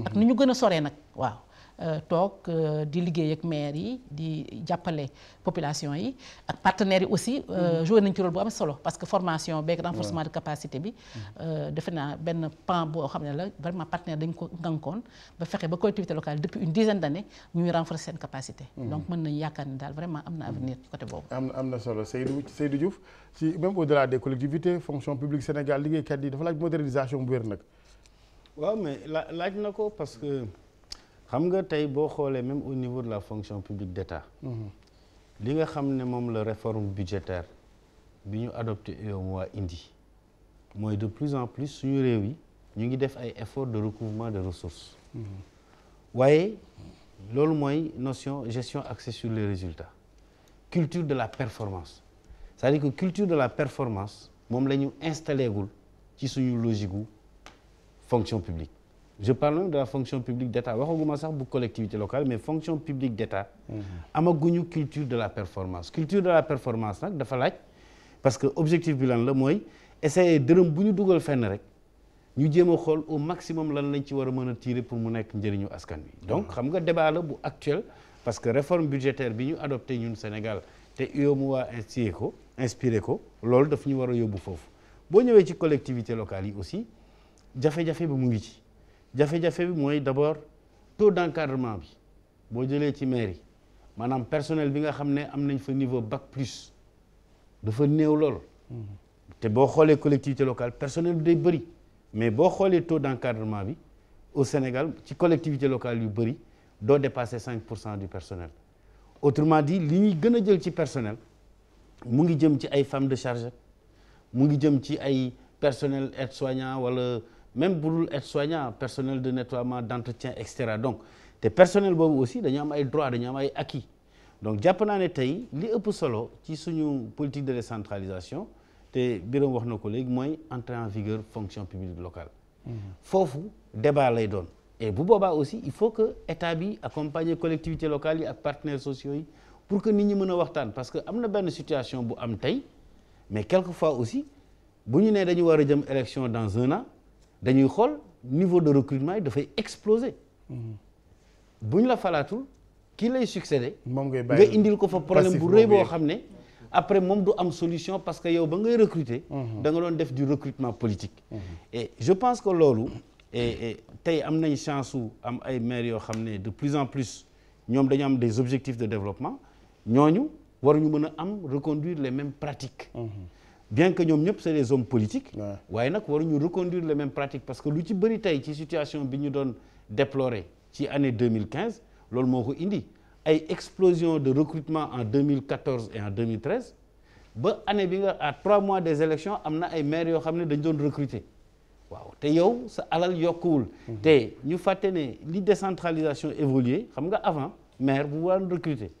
Mhm. ak nu ñu gën a soree nag waaw euh, toog euh, di liggéey ak maire yi di jàppale population yi ak partenaires yi aussi euh, mhm. joué nañ ci rôle bu am solo parce que formation bee renforcement de capacité bi mhm. defe naa benn pan boo xam ne la vraiment partenaire dañ ko ngankoon ba fexe ba collectivité locale depuis une dizaine d'années ñuy renforcer seen capacité donc mën nañ yaakaar ni daal vraiment am na avenir ci côté boobu am na am na solo Seydou Seydou Diouf ci même au delà des collectivités fonction publique Sénégal liggéeykat waaw mais laaj na ko parce que xam nga tey boo xoolee même au niveau de la fonction publique d'État mhm. li nga xam ne moom la réforme budgétaire bi ñu adopté UEMOA indi mooy de plus en plus suñu réew yi ñu ngi def ay efforts de recouvrement de ressources mhm. waaye loolu mooy notion gestion axée sur les résultat culture de la performance cest à que culture de la performance moom la ñu installé gul ci suñu logique gu fonction publique je parle même de la fonction publique d'État waxaguma sax bu collectivité locale mais fonction publique d'État mhm. amaguñu culture de la performance culture de la performance nag dafa laaj parce que objectif bi lan la mooy essayer dërëm bu ñu dugal fenn rek ñu jéem a xool au maximum lan lañ ci war a mën a tirer pour mu nekk njëriñu askan wi donc mhm. xam nga débat la bu actuel parce que réforme budgétaire bi ñu adopté ñun Sénégal te UEMOA inspiré ko inspiré ko loolu daf ñu war a yóbbu foofu boo ñëwee ci collectivité locale yi aussi jafe-jafe bi mu ngi ci jafe-jafe bi mooy d'abord taux d'encadrement bi boo jëlee ci maire yi maanaam personnel bi nga xam ne am nañ fa niveau bac plus dafa néew lool. te boo xoolee collectivité locale personnel bi day bëri mais boo xoolee taux d'encadrement bi au Sénégal ci collectivité locale yu bëri doo dépasser cinq pour cent du personnel autrement di li ñuy gën a jël ci personnel mu ngi jëm ci ay femmes de charge mu ngi jëm ci ay personnel aide-soignant wala même bu dul aide-soignant personnel de nettoiement d'entretien et cetera donc te personnel boobu aussi dañu am ay droits dañu am ay acquis donc jàpp naa ne tey li ëpp solo ci suñu politique de décentralisation te Birame wax na ko léegi mooy entrée en vigueur fonction publique locale. Mm-hmm. foofu débat lay doon. et bu boobaa aussi il faut que état bi accompagner collectivités locale yi ak partenaires sociaux yi pour que nit ñi mën a waxtaan parce que am na benn situation bu am tey mais quelquefois aussi bu ñu nee dañu war a jëm élection dans un an. dañuy xool niveau de recrutement yi dafay exploser bu ñu la falaatul kii lay succédé. moom ngay bàyyi nga indil ko fa problème bu rëy boo xam ne. après moom du am solution parce que yow ba ngay recruter. Mhm. da nga doon def du recrutement politique. Mhm. et je pense que loolu. et tey am nañ chance su am ay maires yoo xam ne de plus en plus ñoom dañu am des objectifs de développement ñooñu ñu mën a am reconduire les mêmes pratiques. Mhm. bien que ñoom ñëpp c'est des hommes politique waaye nag waruñu reconduire les mêmes pratiques parce que lu ci bëri tey ci situation bi ñu doon déplorer ci année 2015 loolu moo ko indi ay explosion de recrutement en 2014 et en 2013 ba année bi nga a trois mois des élections am na ay maires yoo xam ne dañ doon recruter waaw te yow sa alal yokkuwul mhm. te ñu fàtte ne li décentralisation évolué xam nga avant maire bu waan recruter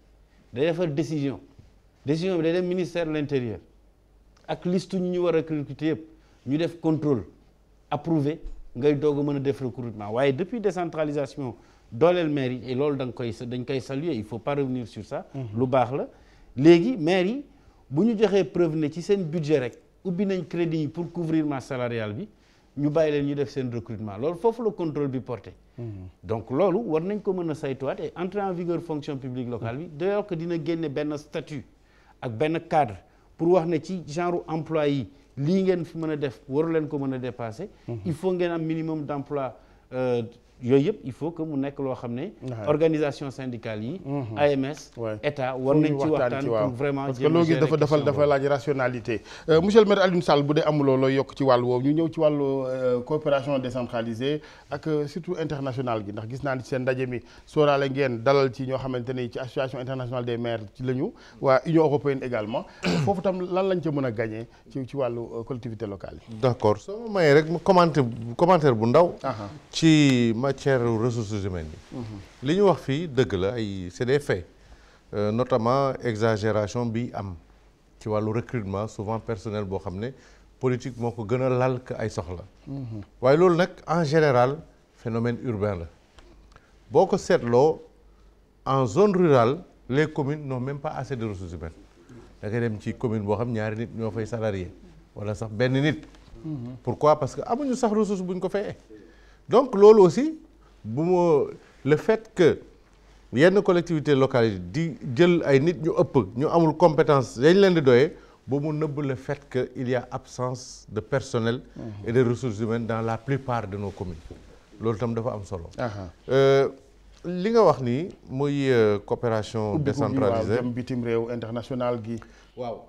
day defar décision décision bi day dem ministère de l'intérieur ak liste ñu ñu war a recruter yëpp ñu def contrôle approuvé ngay doog a mën a def recrutement waaye depuis décentralisation dooleel maire yi et loolu da nga koy dañ koy saluer il faut pas revenir sur ça. Mhm. lu baax la léegi maire yi bu ñu joxee preuve ne ci seen budget rek ubbi nañ crédit yi pour couvrir masse bi ñu bàyyi leen ñu def seen recrutement loolu foofu la contrôle bi porté. Mhm. donc loolu war nañ ko mën a waat et entrer en vigueur fonction publique locale dina génne benn statut ak benn cadre. pour wax ne ci genre emploi yi lii ngeen fu mën a def waru leen ko mën a dépasser mhm. il faut ngeen am minimum d'emploi euh, yooyu yëpp il faut que mu nekk loo xam ne. organisation syndicale yi. Mhm. AMS. état war nañ ci waxtaan pour vraiment. parce que loo gis dafa dafa dafa laaj rationalité. Euh, monsieur le maire Alioune Sall bu dee amuloo looy yokk ci wàll woowu ñu ñëw ci wàllu euh, coopération décentralisée ak euh, surtout internationale gi ndax gis naa ni seen ndaje mi sóoraale ngeen dalal ci ñoo xamante ni ci association internationale des maires ci la ñu waa Union européenne également foofu tam lan lañ ca mën a gagné ci ci wàllu collectivité locale d' accord soo mayee rek bu ndaw. ci. matière ressources humaines yi li ñu wax fii dëgg la ay c'est des faits euh, notamment exagération bi am ci wàllu recrutement souvent personnel boo xam ne politique moo ko gën a lal que ay soxla waaye loolu nag en général phénomène urbain la boo ko seetloo en zone rurale les commune n'ont même pas assez de ressources humaines da dem ci commune boo xam ñaari nit ñoo fay salarié wala sax benn nit mhm. pourquoi parce que amuñu sax ressource buñ ko fayee donc loolu aussi bu ma le fait que yenn collectivité locale yi di jël ay nit ñu ëpp ñu amul compétence yañ leen di doyee bu mu nëbb le fait que il y a absence de personnel et de ressources humaines dans la plupart de no commune loolu tam dafa am solo euh, li nga wax nii muy euh, coopération décentralisée bitim réew international gi waaw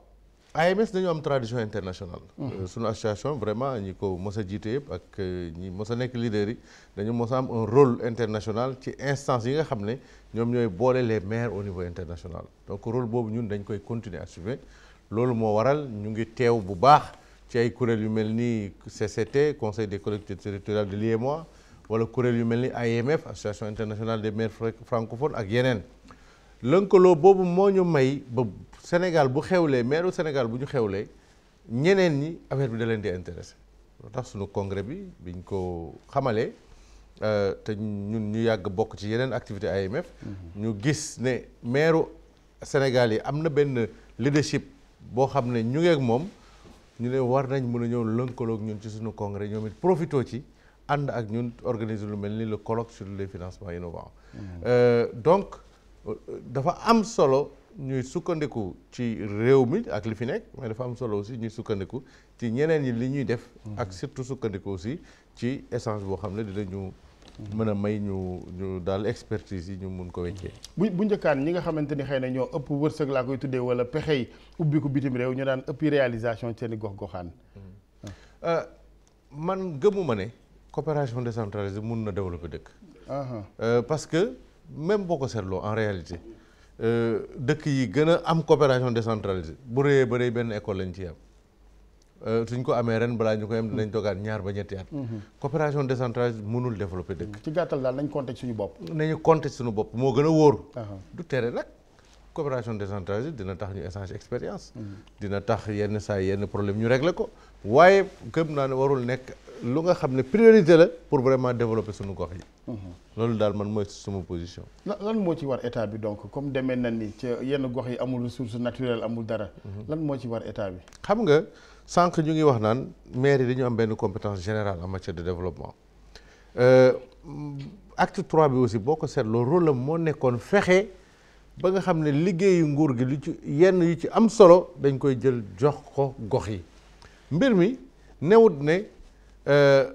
AMS dañu am tradition internationale. Euh, suñu association vraiment ñi ko mos a jiite yëpp ak euh, ñi mos a nekk leader yi dañu mos am un rôle international ci instance yi nga xam ne ñoom ñooy boole les maires au niveau international donc rôle boobu ñun dañ koy continuer assumer loolu moo waral ñu ngi teew bu baax ci ay kuréel yu mel nii CCT conseil des collectivités territoriales de l'UEMOA wala kuréel yu mel ni AIMF association internationale des maires francophones ak yeneen lënkaloo boobu moo Sénégal bu xewlee meeru Sénégal bu ñu xewlee ñeneen ñi affaire bi da leen di intéressé loo tax suñu congrès bi biñ ko xamalee euh, te ñun ñu yàgg bokk ci yeneen activité AMF mhm. ñu gis ne meeru Sénégal yi am na benn leadership boo xam ne ñu ngeeg moom ñu ne war nañ mun a ñëw lënkaloog ñun ci suñu congrès ñoom it profitoo ci ànd ak ñun organiser lu mel ni le colloque sur les financements innovants mhm. euh, donc euh, dafa am solo ñuy sukkandiku ci réew mi ak li fi nekk mais dafa am solo aussi ñuy sukkandiku ci ñeneen yi li ñuy def mm-hmm. ak surtout sukkandiku aussi ci essence boo xam ne dina ñu mën a may ñu ñu daal expertise yi ñu mun ko weccee mm-hmm. bu bu njëkkaan ñi nga xamante ni xëy na ñoo ëpp wërsëg laa koy tuddee wala pexey ubbi ko bitim réew ñu daan ëppi réalisation seen i gox-goxaan mm-hmm. euh, man gëmuma ne de décentralisée mun na ko dëkk ah, ah. Euh, parce que même boo ko seetloo en réalité Euh, dëkk yi gën a am coopération décentralisée bu rëyee ba rëy benn école lañ ci am euh, suñ ko amee ren balaa ñu koy am dinañ toogaat ñaar ba ñetti at. Mhm. coopération décentralisée mënul développer dëkk. ci gàttal daal nañ compter suñu bopp. nañu compter suñu bopp moo gën a wóor. du tere nag coopération décentralisée dina tax ñu échange expérience. Mhm. dina tax yenn saa yenn problème ñu régler ko waaye gëm naa ne warul nekk. lu nga xam ne priorité la pour vraiment développer suñu gox yi. Mhm. loolu daal man mooy suma position. la lan moo ci war état bi donc comme demee na ni ci yenn gox yi amul ressource naturelle amul dara. Mhm. lan moo ci war état bi. xam nga sànq ñu ngi wax naan maire yi dañu am benn compétence générale en matière de développement euh, acte trois bi aussi boo ko seetloo loolu la moo nekkoon fexe ba nga xam ne liggéeyu nguur gi lu ci yenn yu ci am solo dañ koy jël jox ko gox yi mi newut ne. Euh,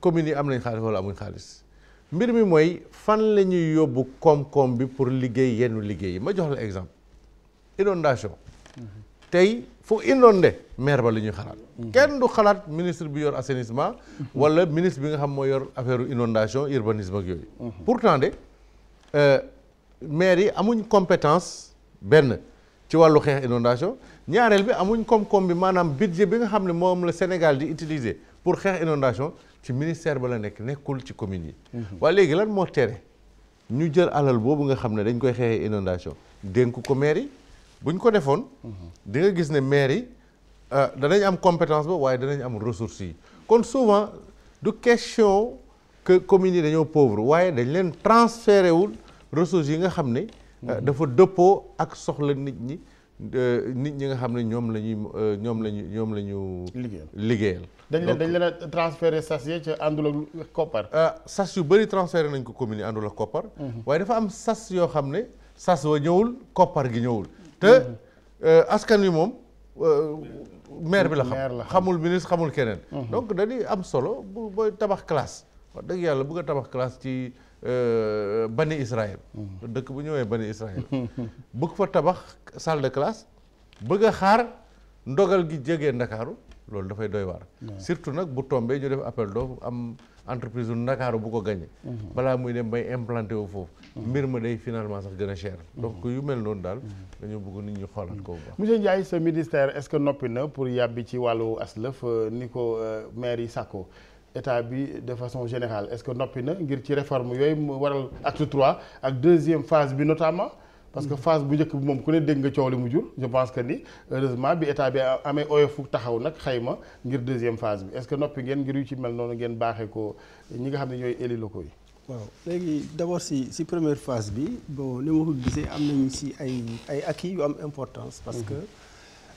communes yi am nañ xaalis wala amuñ xaalis mbir mi mooy fan la ñuy yóbbu koom-koom bi pour liggéey yenn liggéey yi ma jox la exemple inondation mhm. tey fu inondé maire ba la ñuy xalaat mhm. kenn du xalaat ministre bi yor assainissement mhm. wala ministre bi nga xam moo yor affaire inondation urbanisme ak yooyu pourtant de euh, maire yi amuñ compétence benn ci wàllu xeex inondation ñaareel bi amuñ koom-koom bi maanaam budget bi nga xam ne moom la Sénégal di utiliser pour xeex inondation ci ministère ba la nekk nekkul ci commune yi. Mhm. waaye léegi lan moo tere ñu jël alal boobu nga xam ne dañ koy xeexee inondation dénk ko maire bu ñu ko defoon. Mhm. di nga gis ne maire yi euh, danañ am compétence ba waaye danañ am ressources yi kon souvent du question que communes yi dañoo pauvre waaye dañ leen transféré wul ressources yi nga xam ne. Euh, mhm. dafa dëppoo ak soxla nit ñi. Euh, nit ñi nga xam ne ñoom la ñuy euh, ñoom lañu ñoom la ñu. liggéeyal liggéeyal. dañ leen dañ leen a transféré sas yi ca àndul ak koppar. Euh, sas yu bëri transféré nañ ko commune yi àndul ak koppar. Mhm. waaye dafa am sas yoo xam ne sas wa ñëwul koppar gi ñëwul. te mhm. askan wi moom. maire bi la xam xamul ministre xamul keneen. Mhm. donc dañuy am solo bu booy tabax classe wax yàlla bu tabax classe ci. Euh, bani Israël. Hmm. dëkk bu ñëwee bani Israël. bëgg fa tabax salle de classe bëgg a xaar ndogal gi jege ndakaaru loolu dafay doy waar. Hmm. surtout nag bu tombee ñu def appel doo am entreprise bu ndakaaru bu ko gagné. Hmm. balaa muy dem bay implanté wu foofu. mbir ma day finalement sax gën a cher. donc yu mel noonu daal. dañu bëgg nit ñi xoolaat ko bu baax. monsieur Ndiaye sa ministère est-ce que noppi na pour yàbbi ci wàllu aslëf euh, ni ko euh, maire yi sàkkoo état bi de façon générale est-ce que noppi na ngir ci réforme yooyu mu waral acte trois ak deuxième phase bi notamment parce que phase bu njëkk bi moom ku ne dégg nga coow li mu jur je pense que ni heureusement bi état bi amee oyofu taxaw nag xayma ngir deuxième phase bi est-ce que noppi ngeen ngir yu ci mel noonu ngeen baaxee ko ñi nga xam ne ñooy élus locaux yi. waaw léegi d'abord si si première phase bi bon ni ma ko gisee am nañu si ay ay acquis yu am importance. parce mm-hmm. que.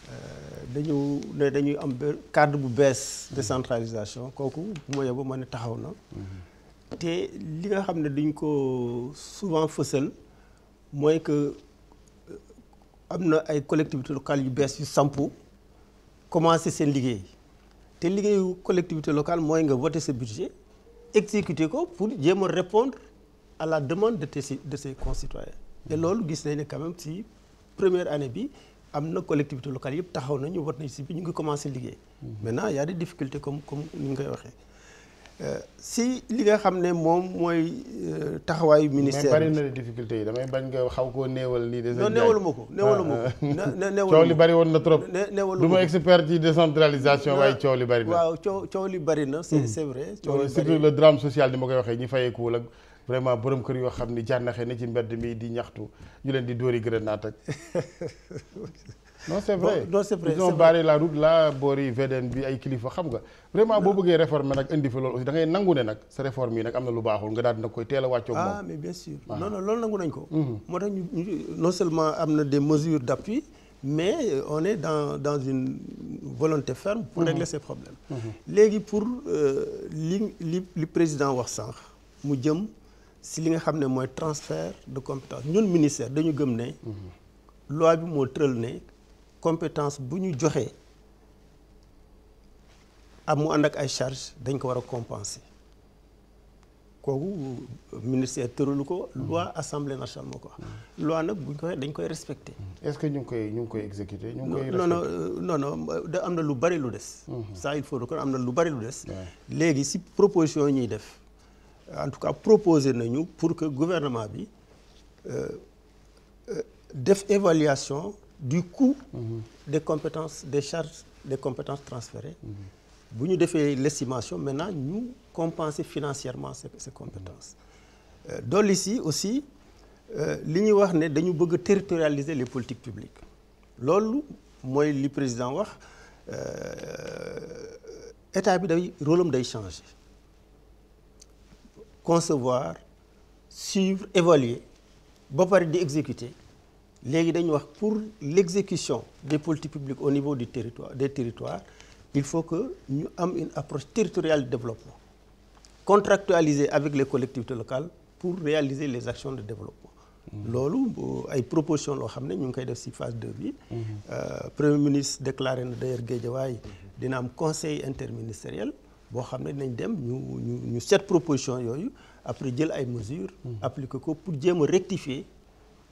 Euh, dañu ne dañuy am cadre bu bees centralisation kooku bu ma yeboo ma ne taxaw na mm-hmm. te li nga xam ne duñ ko souvent fësal mooy que euh, am na ay collectivités locales yu bees yu sampu commencé seen liggéey te liggéeyu collectivité locale mooy nga voter sa budget exécuter ko pour jéem a répondre à la demande de tes de ses concitoyens. te mm-hmm. loolu gis nañ ne quand même si première année bi. am na collectivité locale yëpp taxaw nañu war nañ si bi ñu ngi commencé liggéey. maintenant y a des difficultés comme comme ni nga koy waxee. Euh, si li nga xam ne moom mooy euh, taxawaayu ministère mais bari na difficulté yi damay bañ nga xaw koo néewal nii. non néewalu ma ko néewalu ma ko. Ah, ah. coow li bari woon na trop. néewalu ma ko du ma expert ci décentralisation waaye coow li bari na. waaw coow coow li bari na. c'est hmm. c'est vrai. coow li bari drame social ni ma koy waxee ñi fayeekuwul ak. vraiment borom kër yoo xam ni jànnaxee na ci mbedd mi di ñaxtu ñu leen di dóori grenade ak non c'est vrai non se vrai ils ont barré la route là boori VDN bi ay kilifa xam nga vraiment boo bëggee réformer nag indi fi loolu aussi da ngay nangu ne nag sa réforme yi nag am na lu baaxul nga daal dina koy teela a wàccoog moom ah mais bien sûr ah. non loolu nangu nañ ko mhm. moo tax ñu non seulement am na des mesures d'appui mais euh, on est dans dans une volonté ferme pour mhm. régler ces problèmes mhm. léegi pour euh, li li li président wax sànq mu jëm si li nga xam ne mooy transfert de compétence ñun ministère dañu gëm ne loi bi moo tëral ne compétence bu ñu joxee am mu ànd ak ay charge dañ ko war a compenser kooku ministère tëralu ko loi assemblée nationale moo ko wax loi nag buñ ko dañ koy respecter est-ce que ñu ngi koy ñu ngi koy exécuter ñu ngi koy non euh, am na lu bari lu des mhm. ça il faut reconnaître am na lu bari lu des léegi si proposition yi ñuy def en tout cas proposé nañu pour que gouvernement bi euh, euh, def évaluation du coût mhm. de compétences de charges des compétences transférées mhm. bu ñu defee l'estimation maintenant ñu compenser financièrement ces ces compétences mhm. euh, dolli si aussi li ñuy wax ne dañu bëgg territorialiser les politiques publiques loolu mooy li président wax état bi day rôlam day changer concevoir suivre évaluer ba pare di exécuter léegi dañu wax pour l'exécution des politiques publiques au niveau du territoire des territoires il faut que ñu am une approche territoriale de développement contractualisée avec les collectivités locales pour réaliser les actions de développement mmh. loolu ay proposition loo xam ne ñu ngi koy def ci phase 2 bi mmh. euh, premier ministre déclaré na d'ailleurs Guédiawaye mmh. dina am conseil interministériel boo xam ne nañ dem ñu ñu ñu seet proposition yooyu après jël ay mesures. Hmm. appliquer ko pour jéem a rectifier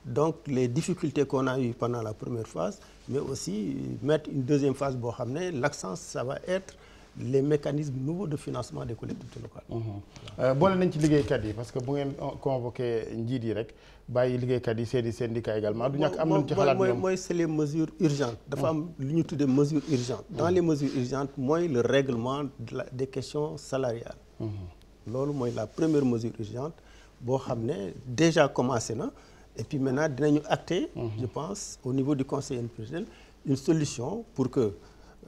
donc les difficultés qu'on a eues pendant la première phase mais aussi mettre une deuxième phase boo xam ne l'accent ça va être les mécanismes nouveaux de financement de collectivités locales. Mmh. Euh, boole nañ ci liggéeykat yi parce que bu ngeen convoqué njiit yi rek bàyyi liggéeykat yi seen i syndicat également du ñàkk am nañ ci xalaat ñoom mooy c'est les mesures dafa am mmh. lu ñu tuddee mesures urgentes. Mmh. dans les mesures urgentes mooy le règlement de la des loolu mooy la première mesure urgente boo xam ne déjà commencé na et puis maintenant dinañu acter. je pense au niveau du conseil interprofessionnel une solution pour que.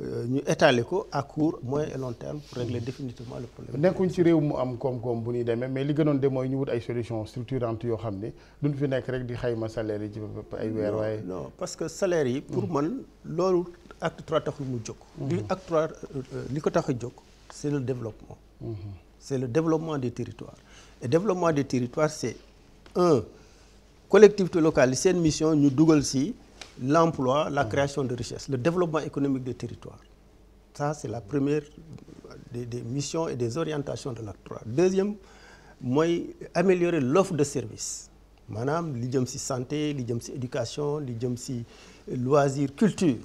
Euh, ñu étaler ko à court moyen et long terme pour régler définitivement le problème. nekkuñ si réew mu am koom-koom bu ñuy demee mais li gënoon de mooy ñu wut ay solutions structurantes yoo xam ne duñ fi nekk rek di xayma salaire yi ci ay weer waaye. non parce que salaire yi. pour man loolu acte trois taxul mu jóg. Mm-hmm. li acte trois euh, li ko tax a jóg c' est le développement. Mm-hmm. c' est le développement des territoires développement de territoires c' est un collectivité locale seen mission ñu dugal si. l'emploi, la création de richesses, le développement économique des territoires. Ça, c'est la première des, des, missions et des orientations de l'acte 3. Deuxième, mooy améliorer l'offre de service maanaam li jëm si santé li jëm si éducation li jëm si loisir culture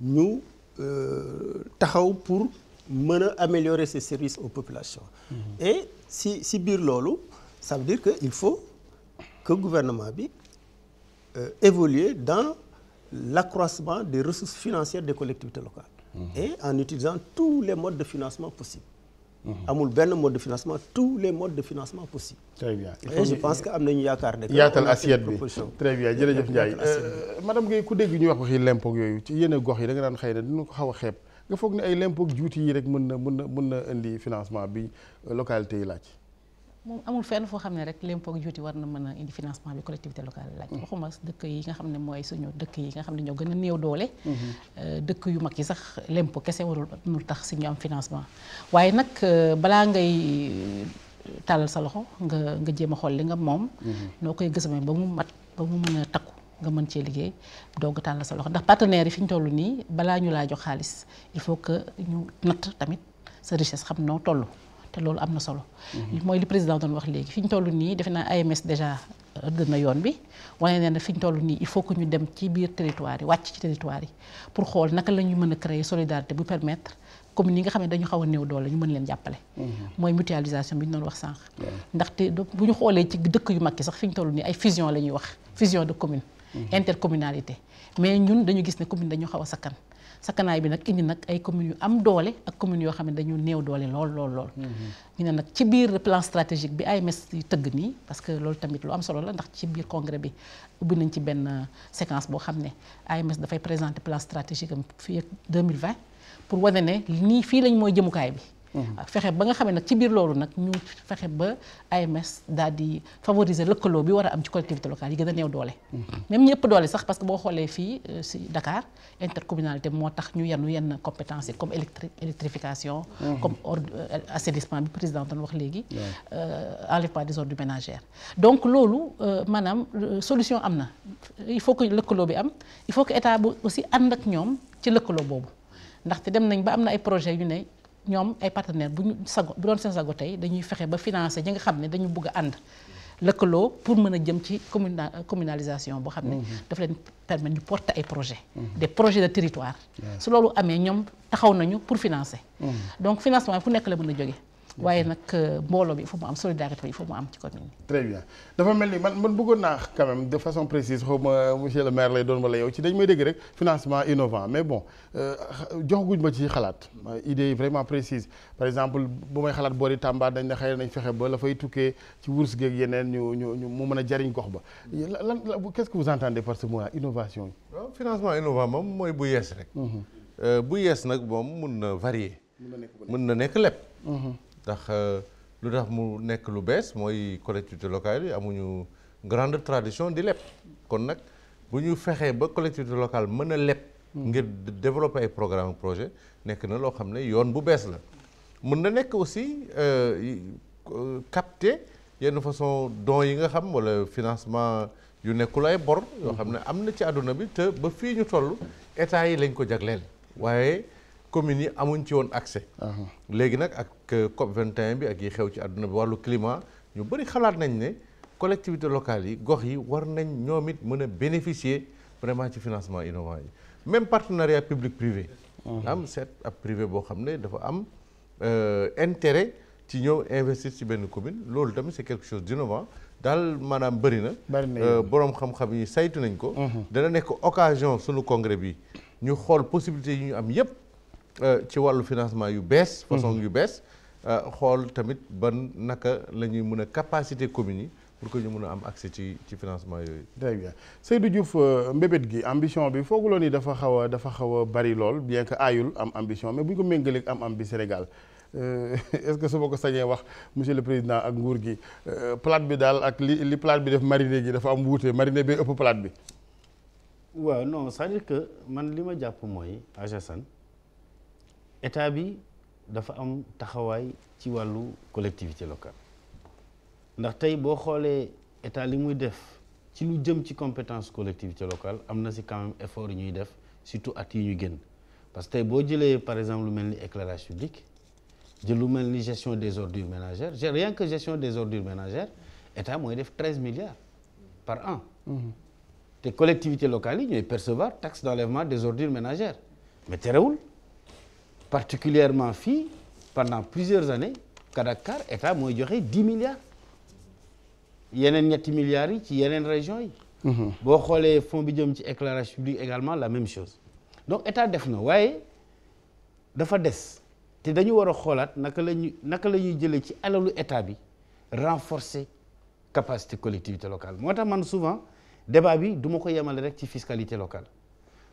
ñu euh, taxaw pour mën a améliorer ces service aux populations mm-hmm. et si si biir loolu ça veut dire que il faut que gouvernement bi euh, évoluer dans l'accroissement des ressources financières des collectivités locales. Mmh. et en utilisant tous les modes de financement possibles. Mhm. amul benn mode de financement tous les modes de financement possibles. très bien et je pense que am nañu yaakaar ne. yaatal assiette bi très bien jërëjëf Ndiaye. madame Guèye ku dégg ñuy wax waxi l'impôt yooyu ci yenn gox yi danga nga daan xëy na dina ko xaw a xeeb nga foog ne ay l'impôt juuti yi rek mën na mën na mën na indi financement bi localité yi laaj. moom amul fenn foo xam ne rek l'impôt ak juuti war na mën a indi financement bi collectivité locale laaj mm-hmm. waxuma dëkk yi nga xam ne mooy suñu dëkk yi nga xam ne ñoo gën a néew doole mm-hmm. euh, dëkk yu mag yi sax l'impôt kese warul nul tax si ñu am financement waaye nag euh, balaa ngay euh, tàllal sa loxo nga nga jéem a xool li nga moom mm-hmm. noo koy gësamee ba mu mat ba mu mën a takku nga mën cee liggéey doog tàllal sa loxo ndax partenaires yi fi ñu toll nii balaa ñu laa jox xaalis il faut que ñu natt tamit sa xam noo toll te loolu am na solo. mooy li président doon wax léegi fi ñu toll nii defe naa AMS déjà euh, ëdd na yoon bi wane na fi ñu toll nii il faut que ñu dem ci biir territoire yi wàcc ci territoire yi pour xool naka la ñu mën a créer solidarité bu permettre. commune yi nga xam ne dañu xaw a néew doole ñu mën leen jàppale mhm. mooy mutualisation bi ñu doon wax sànq ndaxte bu ñu xoolee ci dëkk yu mag yi sax fi ñu toll nii ay fision la ñuy wax fusion de commune mhm. intercommunalité mais ñun dañu gis ne commune dañu xaw a sakkan sakkanaay bi nag indi nag ay commune yu am doole ak commune yoo xam ne dañu néew doole lool lool lool. Mhm. ñu ne nag ci biir plan stratégique bi AMS yu tëgg nii parce que loolu tamit lu am solo la ndax ci biir congrès bi ubbi nañ ci benn euh, séquence boo xam ne AMS dafay présenter plan stratégique am fii ak 2020 pour wane ne nii fii lañ mooy jëmukaay bi. ak fexe ba nga xamee nag ci biir loolu nag ñu fexe ba AMS daal di favoriser lëkkaloo bi war a am ci collectivité locale yi gën a néew doole. même ñëpp doole sax parce que boo xoolee fii euh, si Dakar intercommunalité moo tax ñu yanu yenn compétence yi comme électri électrification. Mmh. comme ordre euh, assainissement bi président doon wax léegi. Euh, enlèvement des ordures ménagères. donc loolu maanaam solution am na il faut que lëkkaloo bi am il faut que état bi aussi ànd ak ñoom ci lëkkaloo boobu ndaxte dem nañ ba am na ay projet yu ne. ñoom ay partenaires bu ñu sago bu doon seen sago tey dañuy fexe ba financer ñi nga xam ne dañu bëgg a ànd lëkkaloo pour mën a jëm ci communa communalisation boo xam ne mhm. dafa leen permettre ñu porter ay projets mhm. des projet de territoire su loolu amee ñoom taxaw nañu pour financer mhm. donc financement fu nekk la mën a jóge waaye nag euh, mbooloo bi il mu am solidarité bi il mu am ci commune bi. très bien dafa mel ni man man bëggoon naa quand même de façon précise xaw ma monsieur le maire lay doon wala yow ci dañ may dégg rek financement innovant mais bon euh, joxaguñ ma ci xalaat idée vraiment précise par exemple bu may xalaat boori Tamba dañ ne xëy nañ fexe ba la fay tukkee ci wurus geeg yeneen ñu ñu ñu mu mën a jariñ gox ba lan qu'est-ce que vous par ce mot innovation. waaw financement innovant mooy bu yees rek. Mhm. Euh, bu yees nag moom mun na varier. mun na nekk lépp. ndax euh, lu tax mu nekk lu bees mooy collectivité locale yi amuñu grande tradition di leb kon nag bu ñu fexee ba collectivité locale mën a leb. Hmm. ngir développer ay programme projet nekk na loo xam ne yoon bu bees la. mën na nekk aussi euh, capter yenn façon dons yi nga xam walla financement yu nekkul ay bor. yoo xam ne hmm. am na ci àdduna bi te ba fii ñu toll état yi lañ ko jagleel waaye. communes yi amuñ ci woon accès. léegi nag ak euh, COP 21 bi ak yi xew ci àdduna bi wàllu climat ñu bëri xalaat nañ ne collectivité locales yi gox yi war nañ ñoom it mën a bénéficier vraiment ci financement innovant yi même partenariat public privé. am seet ab privé boo xam ne dafa am euh, intérêt ci ñëw investir ci benn commune loolu tamit c'est quelque chose d'innovant daal maanaam bëri na. Euh, boroom xam-xam yi saytu nañ ko. dana nekk occasion sunu congrès bi ñu xool possibilité yi am yépp Euh, ci wàllu financement yu bees. Mhm. façon yu bees euh, xool tamit ban naka la ñuy mën a capacité communes yi pour que ñu mun a am accès ci ci financement yooyu. très bien Seydou Diouf euh, mbébét gi ambition bi fooguloo ni dafa xaw a dafa xaw a bari lool bien que aayul am ambition mais bu ñu ko méngaleeg am am bi Sénégal. est-ce que su ma ko sañee wax monsieur le président ak nguur gi palaat bi daal ak li li plate bi def mariner gi dafa am wuute mariner bee ëpp palaat bi. waaw non cest man li ma jàpp mooy Assane état bi dafa am taxawaay ci wàllu collectivité local ndax tey boo xoolee état li muy def ci lu jëm ci compétence collectivité local am na si quand même effort yi ñuy def surtout at yi ñu génn parce que tey boo jëlee par exemple lu mel ni éclairage public jël lu mel ni gestion des ordures ménagères rien que gestion des ordures ménagères état mooy def treize milliards par an. Mm-hmm. te collectivité locale yi ñooy percevoir taxe d'enlèvement des ordures ménagères mais terewul. particulièrement fii pendant plusieurs années Kadakar état mooy joxe dix milliards yeneen ñetti milliards yi ci yeneen région yi. Mhm. boo xoolee fonds bi jëm ci éclairage public également la même chose donc état def na waaye dafa des te dañu war a xoolaat naka la ñuy naka la ñuy jëlee ci alalu état bi renforcer capacité collectivité locale moo tax man souvent débat bi du ma ko yemale rek ci fiscalité locale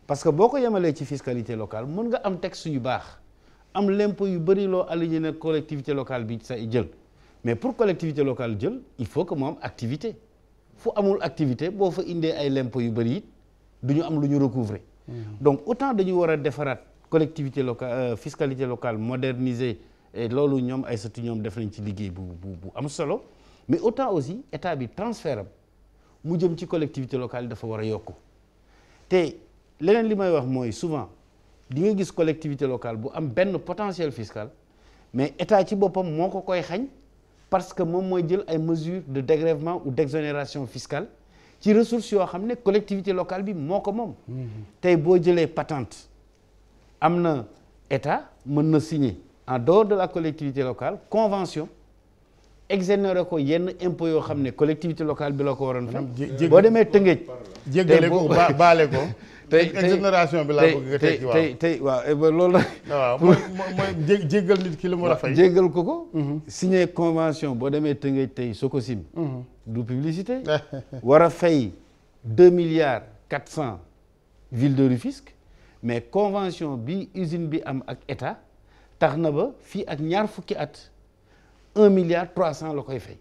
parce que boo ko yemalee ci fiscalité locale mën nga am texte yu baax. am l'impôt yu bëri loo aligné ne collectivité locale bi sa jël mais pour collectivité locale jël il faut que mu am activité fu amul activité boo fa indee ay l'impôt yu bëri it du ñu am lu ñu recouvrer hmm. donc autant dañu war a defaraat collectivité locale euh, fiscalité locale moderniser loolu ñoom ay satu ñoom def nañ ci liggéey bu bu bu am solo mais autant aussi état bi transfert mu jëm ci collectivité locale dafa war a yokku te leneen li may wax mooy souvent di nga gis collectivité locale bu am benn potentiel fiscal mais état ci boppam moo ko koy xañ parce que moom mooy jël ay mesures de dégrévement ou d'exonération fiscale ci ressources yoo xam ne collectivité locale bi moo ko moom mm-hmm. tey boo jëlee patente am na état mën na signer en dehors de la collectivité locale convention exonéré ko yenn impôt yoo xam ne collectivité locale bi la ko waroon fay boo demee Tëngéej jéggale ko baale ko tey exonération bi laa bëgg tey tey waaw eh, lool la. waaw mooy mooy jéggal nit ki li mu war a fay. ko ko. Mhm. signé convention boo demee Tëngéej tey soo ko Sococim. Mhm. du publicité. war a fay deux milliards quatre cent ville de Rufisque mais convention bi usine bi am ak état tax na ba fii ak ñaar fukki at un milliard trois cent la koy fay.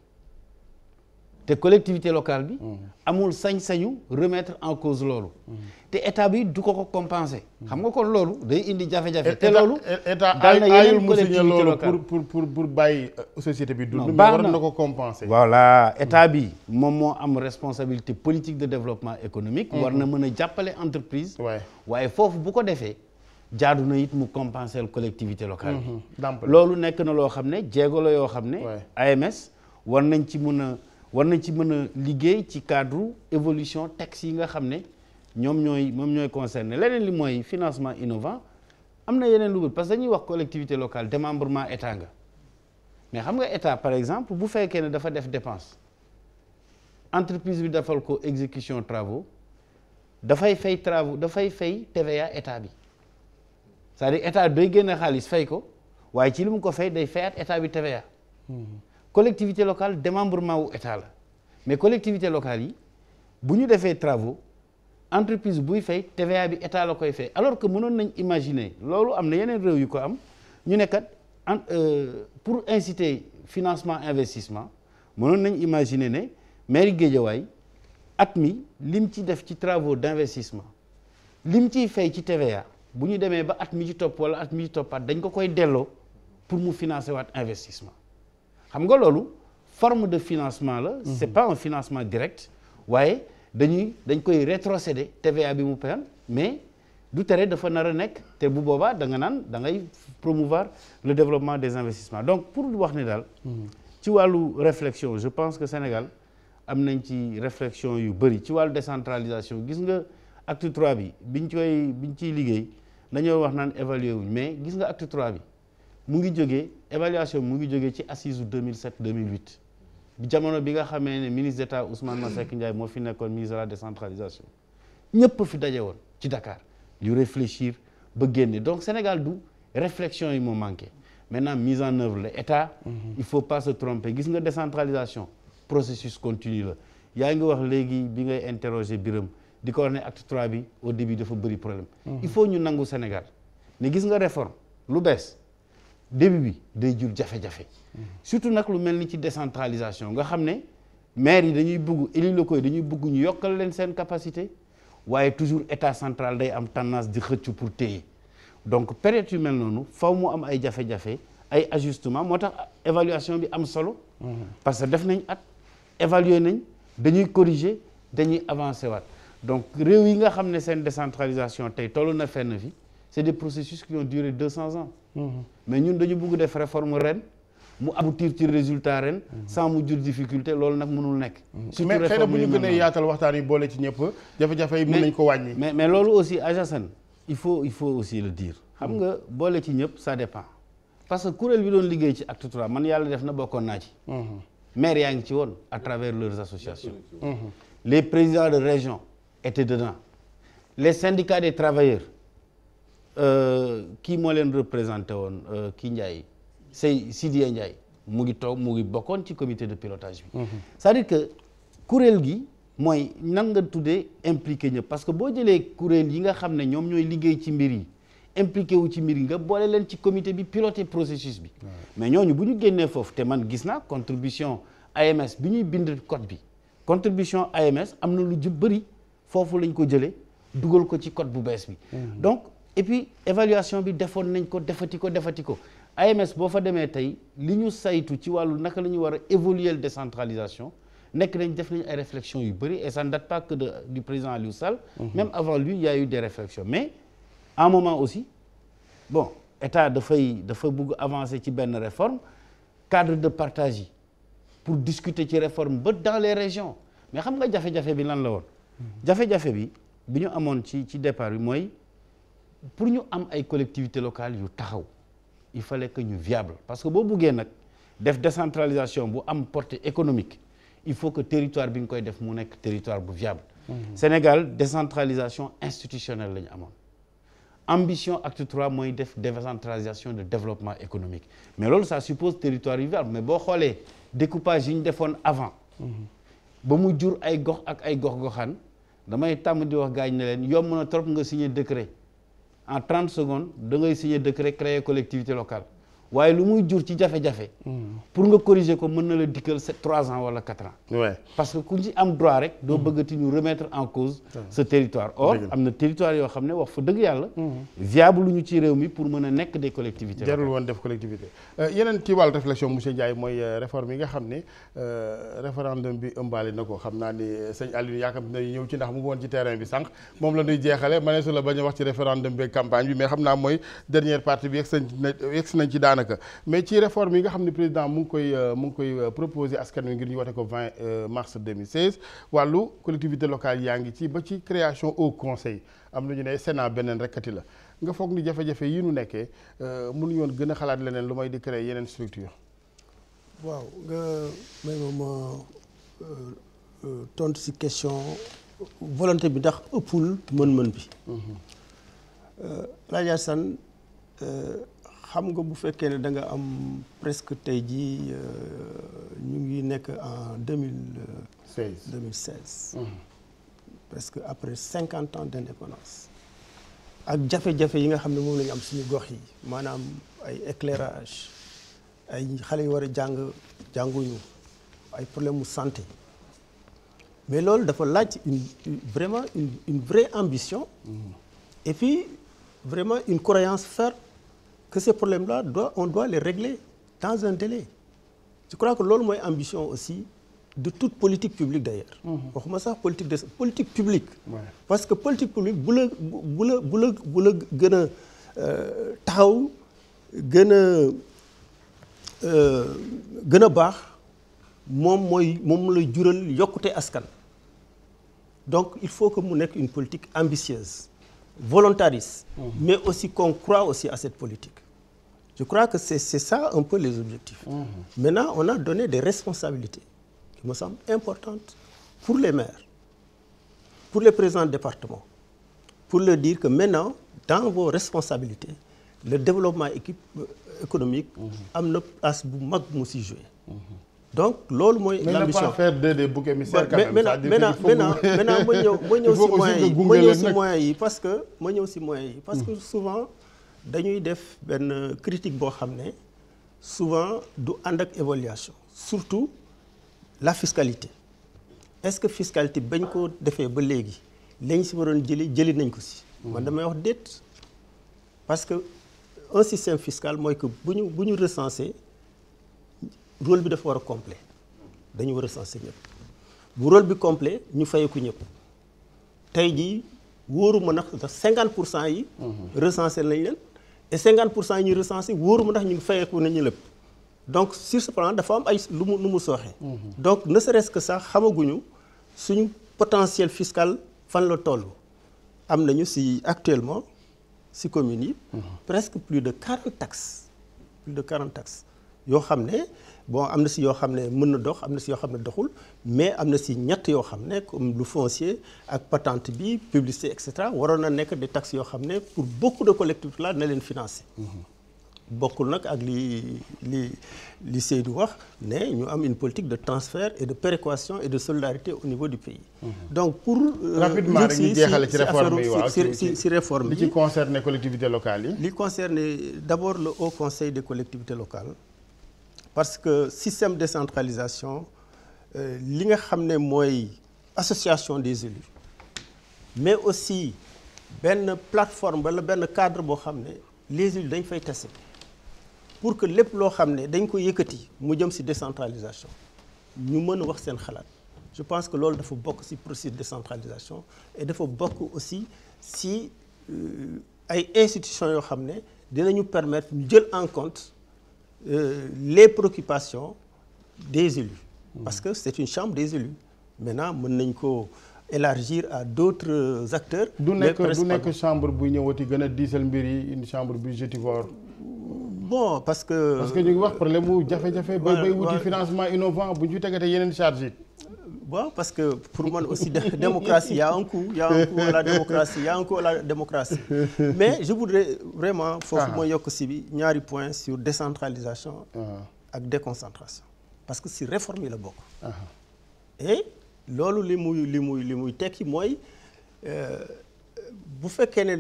te collectivité locale bi. Hmm. amul sañ-sañu remettre en cause loolu. Hmm. te état bi du ko ko compenser. xam nga kon loolu day indi jafe-jafe. te loolu daal na yeneen collectivité locale pour pour pour bàyyi euh, bi dund. mais war na ko compenser. voilà état hmm. bi moom moo am responsabilité politique de développement économique. war na mën a jàppale entreprise. waaye foofu bu ko defee. jaadu na it mu compenser collectivité locale bi. loolu nekk na loo xam ne jéego la yoo xam ne. AMS war nañ ci mun a. war nañ ci mën a liggéey ci cadre évolution texte yi nga xam ne ñoom ñooy moom ñooy concerné leneen li mooy financement innovant am na yeneen lu parce que dañuy wax collectivité locale démembrement état nga mais xam nga état par exemple bu fekkee ne dafa def dépense entreprise bi defal ko exécution travaux dafay fay travaux dafay fay TVA état bi cest à état day génne xaalis fay ko waaye ci li mu ko fay day fayaat état bi TVA. Hmm. collectivité locale démembrement wu état la mais collectivité locale yi bu ñu defee travaux entreprise buy fay TVA bi état la koy fay alors que mënoon nañ imaginer loolu am na yeneen réew yu ko am ñu ne kat euh, pour inciter financement investissement mënoon nañ imaginer ne mairie Guédiawaye at mi lim ci def ci travaux d'investissement lim ciy fay ci TVA bu ñu demee ba at mi ci topp wala at mi ci toppaat dañ ko koy delloo pour mu financer waat investissement xam nga loolu forme de financement la mhm. c'est pas un financement direct waaye dañuy dañ koy rétrocéder TVA bi mu payal mais du tere dafa nar a nekk te bu boobaa da nga naan da ngay promouvoir le développement des investissements donc pour wax ne daal mhm. ci wàllu réflexion je pense que Sénégal am nañ ci réflexion yu bëri ci wàllu décentralisation gis nga acte 3 bi biñ koy biñ ciy liggéey dañoo wax naan évaluer wuñ mais gis nga acte 3 bi mu ngi jógee évaluation mu ngi jógee ci assise 2007 2008 jamono bi nga xamee ne ministre d'état Ousmane Masseck Ndiaye moo fi nekkoon ministre de la décentralisation ñëpp fi daje woon ci Dakar yu réfléchir ba génne donc Sénégal du réflexion yi moo manqué maintenant mise en œuvre la état mhm. il faut pas se tromper gis nga décentralisation processus continu la yaa ngi wax léegi bi ngay interroger biram di ko wax ne acte 3 bi au début dafa bëri problème mhm. il faut ñu nangu Sénégal ne début bi day jur jafe-jafe surtout nag lu mel ni ci décentralisation nga xam ne maire yi dañuy bugg élus locaux dañuy bëgg ñu yokkal leen seen capacité waaye toujours état central day am tendance di xëcc pour téye donc période yu mel noonu faw mu am ay jafe-jafe ay ajustement moo tax évaluation bi am solo parce que def nañ at évaluer nañ dañuy corriger dañuy avancer waat donc réew yi nga xam ne seen décentralisation tey toll na fenn fi c'est des processus qui ont deux cents ans mm-hmm. mais ñun dañu bugg def réforme ren mu aboutir ci résultat ren sans mu jur difficulté loolu nag mënul nekk mm-hmm. surtout mais xëy bu ñu gën a yaatal waxtaan yi boole ci ñëpp jafe-jafe yi mën nañ ko wàññi mais mais loolu aussi ajasan il faut il faut aussi le dire xam nga boole ci ñëpp ça dépend parce que kuréel bi doon liggéey ci acte man yàlla def na bokkoon naa ci mm-hmm. maire yaa ngi ci woon à travers leurs associations mm-hmm. les présidents de région étaient dedans les syndicats des travailleurs Euh, kii moo leen représenté woon euh, kii Ndiaye Sey Sidya Ndiaye mu ngi toog mu ngi bokkoon ci comité de pilotage bi. Mhm. c'est-à-dire que kuréel gi mooy nanga nga tuddee impliqué ñëpp parce que boo jëlee kuréel yi nga xam ne ñoom ñooy liggéey ci mbir yi impliqué wu ci mbir yi nga boole leen ci comité bi piloté processus bi. mais ñooñu bu ñu génnee foofu te man gis naa contribution AMS bi ñuy bind code bi contribution AMS am na lu jub bëri foofu lañ ko jëlee dugal ko ci code bu bees bi. Mhm. et puis évaluation bi defoon nañ ko defati ko defati ko AMS boo fa demee tey li ñu saytu ci wàllu naka la ñu war a évoluer la décentralisation nekk nañ def nañ ay réflexions yu bëri et ça ne date pas que mhm. même avant lui il y a eu des moment aussi bon état dafay dafa bugg avancer ci benn réforme cadre de partage yi pour discuter ci réforme ba dans les régions mais xam nga jafe-jafe bi lan la woon. Mhm. jafe-jafe bi bi ñu amoon ci ci départ bi mooy. pour ñu am ay collectivités locales yu taxaw il fallait que ñu viable parce que boo buggee nag def décentralisation bu am portée économique il faut que territoire bi nga koy def mu nekk territoire bu viable. Mhm. Sénégal décentralisation institutionnelle la ñu amoon. ambition acte trois mooy def décentralisation de développement économique mais loolu ça suppose territoire yu viable mais boo xoolee découpage yu ñu defoon avant. Mhm. ba mu jur ay gox ak ay gox-goxaan damay tàmm di wax gaañ ne leen yomb na nga signer décret. en 30 secondes da ngay signer décret créer collectivité local waaye lu muy jur ci jafe-jafe. pour nga corriger ko mën na la dikkal c'est trois ans wala quatre ans. parce que ku ci am droit rek. doo bëggati ñu remettre en cause. ce territoire or am na territoire yoo xam ne wax fa dëgg yàlla. Mm-hmm. viable lu ñu ci réew mi pour mën a nekk de collectivités. jarul woon def collectivité euh, yeneen ci wàllu réflexion monsieur Ndiaye mooy euh, réforme yi nga xam ne euh, référendum bi ëmbaale na ko xam naa ni sëñ Aliou yaakaar naa ne ñëw ci ndax mu ngi woon ci moom la ñuy wax ci campagne bi xam naa mooy dernière partie nañ ci daanaka daanaka mais ci réforme yi nga xam ne président mu ngi koy euh, mu ngi koy euh, proposé askan wi ngir ñu wote ko 20 euh, mars 2016 wàllu collectivité locale yaa ngi ci ba ci création au conseil am na ñu ne Sénat beneen rekkati la nga foog ni jafe-jafe yi nu nekkee mënuñu woon gën a xalaat leneen lu may di créer yeneen structure waaw nga may ma tontu ci question volonté bi ndax ëppul mën-mën bi. rajo mhm. Assane xam nga bu fekkee ne da nga am presque tey jii euh, ñu ngi nekk en deux mille seize deux mille seize presque après cinquante ans d' ak jafe-jafe yi nga xam ne moom la am suñu gox yi maanaam ay éclairage ay xale yu war a jàng jànguñu ay problème mu santé mais loolu dafa laaj une vraiment une une vraie ambition et puis vraiment une croyance ferme que ces problèmes-là doit on doit les régler dans un crois que loolu mooy ambition aussi de toute politique publique d'ailleurs mhm. waxuma sax politique de politique publique parce que politique publique bu la bu la bu la bu la gën a euh, taxaw gën a euh, gën a baax moom mooy moom lay jural yokkute askan donc il faut que mu nekk une politique ambitieuse volontariste mmh. mais aussi qu'on aussi à cette politique Je crois que c'est ça un peu les objectifs. Mmh. Maintenant, on a donné des responsabilités qui me semblent importantes pour les maires, pour les présidents de département, pour leur dire que maintenant, dans vos responsabilités, le développement équipe, euh, économique mmh. am na place bu mag mu si joué. Mmh. donc loolu mooy. l' ambition mais ne pas faire quand même. maintenant maintenant maintenant ma ñëw ma ñëw si moyens yi ma ñëw si moyens yi parce que ma ñëw si moyens yi parce que mmh. souvent. dañuy def benn critique boo xam ne souvent du ànd ak évaluation surtout la fiscalité est-ce que fiscalité bañ koo defee ba léegi lañ si waroon jëli jëli nañ ko si. man damay wax déet parce que un système fiscal mooy que bu ñu bu ñu recenser rôle bi dafa war a complet dañu war a recenser ñëpp bu rôle bi complet ñu ko ñëpp tey ji wóoru ma nag pour cent yi. Mhm. recenser nañ leen. et 50 pour cent yi ñuy recensé wóoru mu ndax ñu ngi fayeeku nañu lépp donc sur ce plan dafa am ay lu mu lu mu sooxe mm-hmm. donc na sa resque sax xamaguñu suñu potentiel fiscal fan la toll am nañu si actuellement si communes yi mm-hmm. presque plus de 40 taxes plus de 40 taxes yoo xam ne bon am na si yoo xam ne mën na dox am na si yoo xam ne doxul mais am na si ñett yoo xam ne comme lu foncier ak patente bi publicité et cetera waroon na nekk di taxes yoo xam ne pour beaucoup de collectivités laal na leen financer. Mhm. bokkul nag ak li li li Seydou wax ne ñu am une politique de transfert et de péréquation et de solidarité au niveau du pays. Mhm. donc pour. Euh, rapidement rek ñu jeexale ci réforme yi waaw si si si réforme yi. li ci concerne collectivités locales yi. li concerne d' abord le haut conseil des collectivités locales. parce que système décentralisation euh, li nga xam ne mooy association des élus mais aussi benn plateforme bala benn cadre boo xam ne les élus dañ fay tase pour que lépp loo xam ne dañ ko yëkkati mu jëm si décentralisation ñu mën a wax seen xalaat je pense que loolu dafa bokk si processus décentralisation et dafa bokk aussi si euh, ay institutions yoo xam ne dinañu permettre ñu jël en compte euh, les préoccupations des élus. parce que c'est une chambre des élus. maintenant mën nañ ko élargir à d'autres acteurs. du nekk du nekk chambre bu ñëwati gën a diisal mbir yi une chambre budgétivore. bon parce que. parce que ñu ngi wax problème bu jafe-jafe. bay bay wuti financement innovant bu ñu fi tegatee yeneen charge yi. bon parce que pour man aussi démocratie y a un coût y a un coût la démocratie y a un coût la démocratie mais je voudrais vraiment foofu ah. mooy yokk si bi ñaari point sur décentralisation ah. ak déconcentration parce que si réforme yi la bokk ah. et loolu li muy li muy li muy tekki mooy euh, bu fekkee ne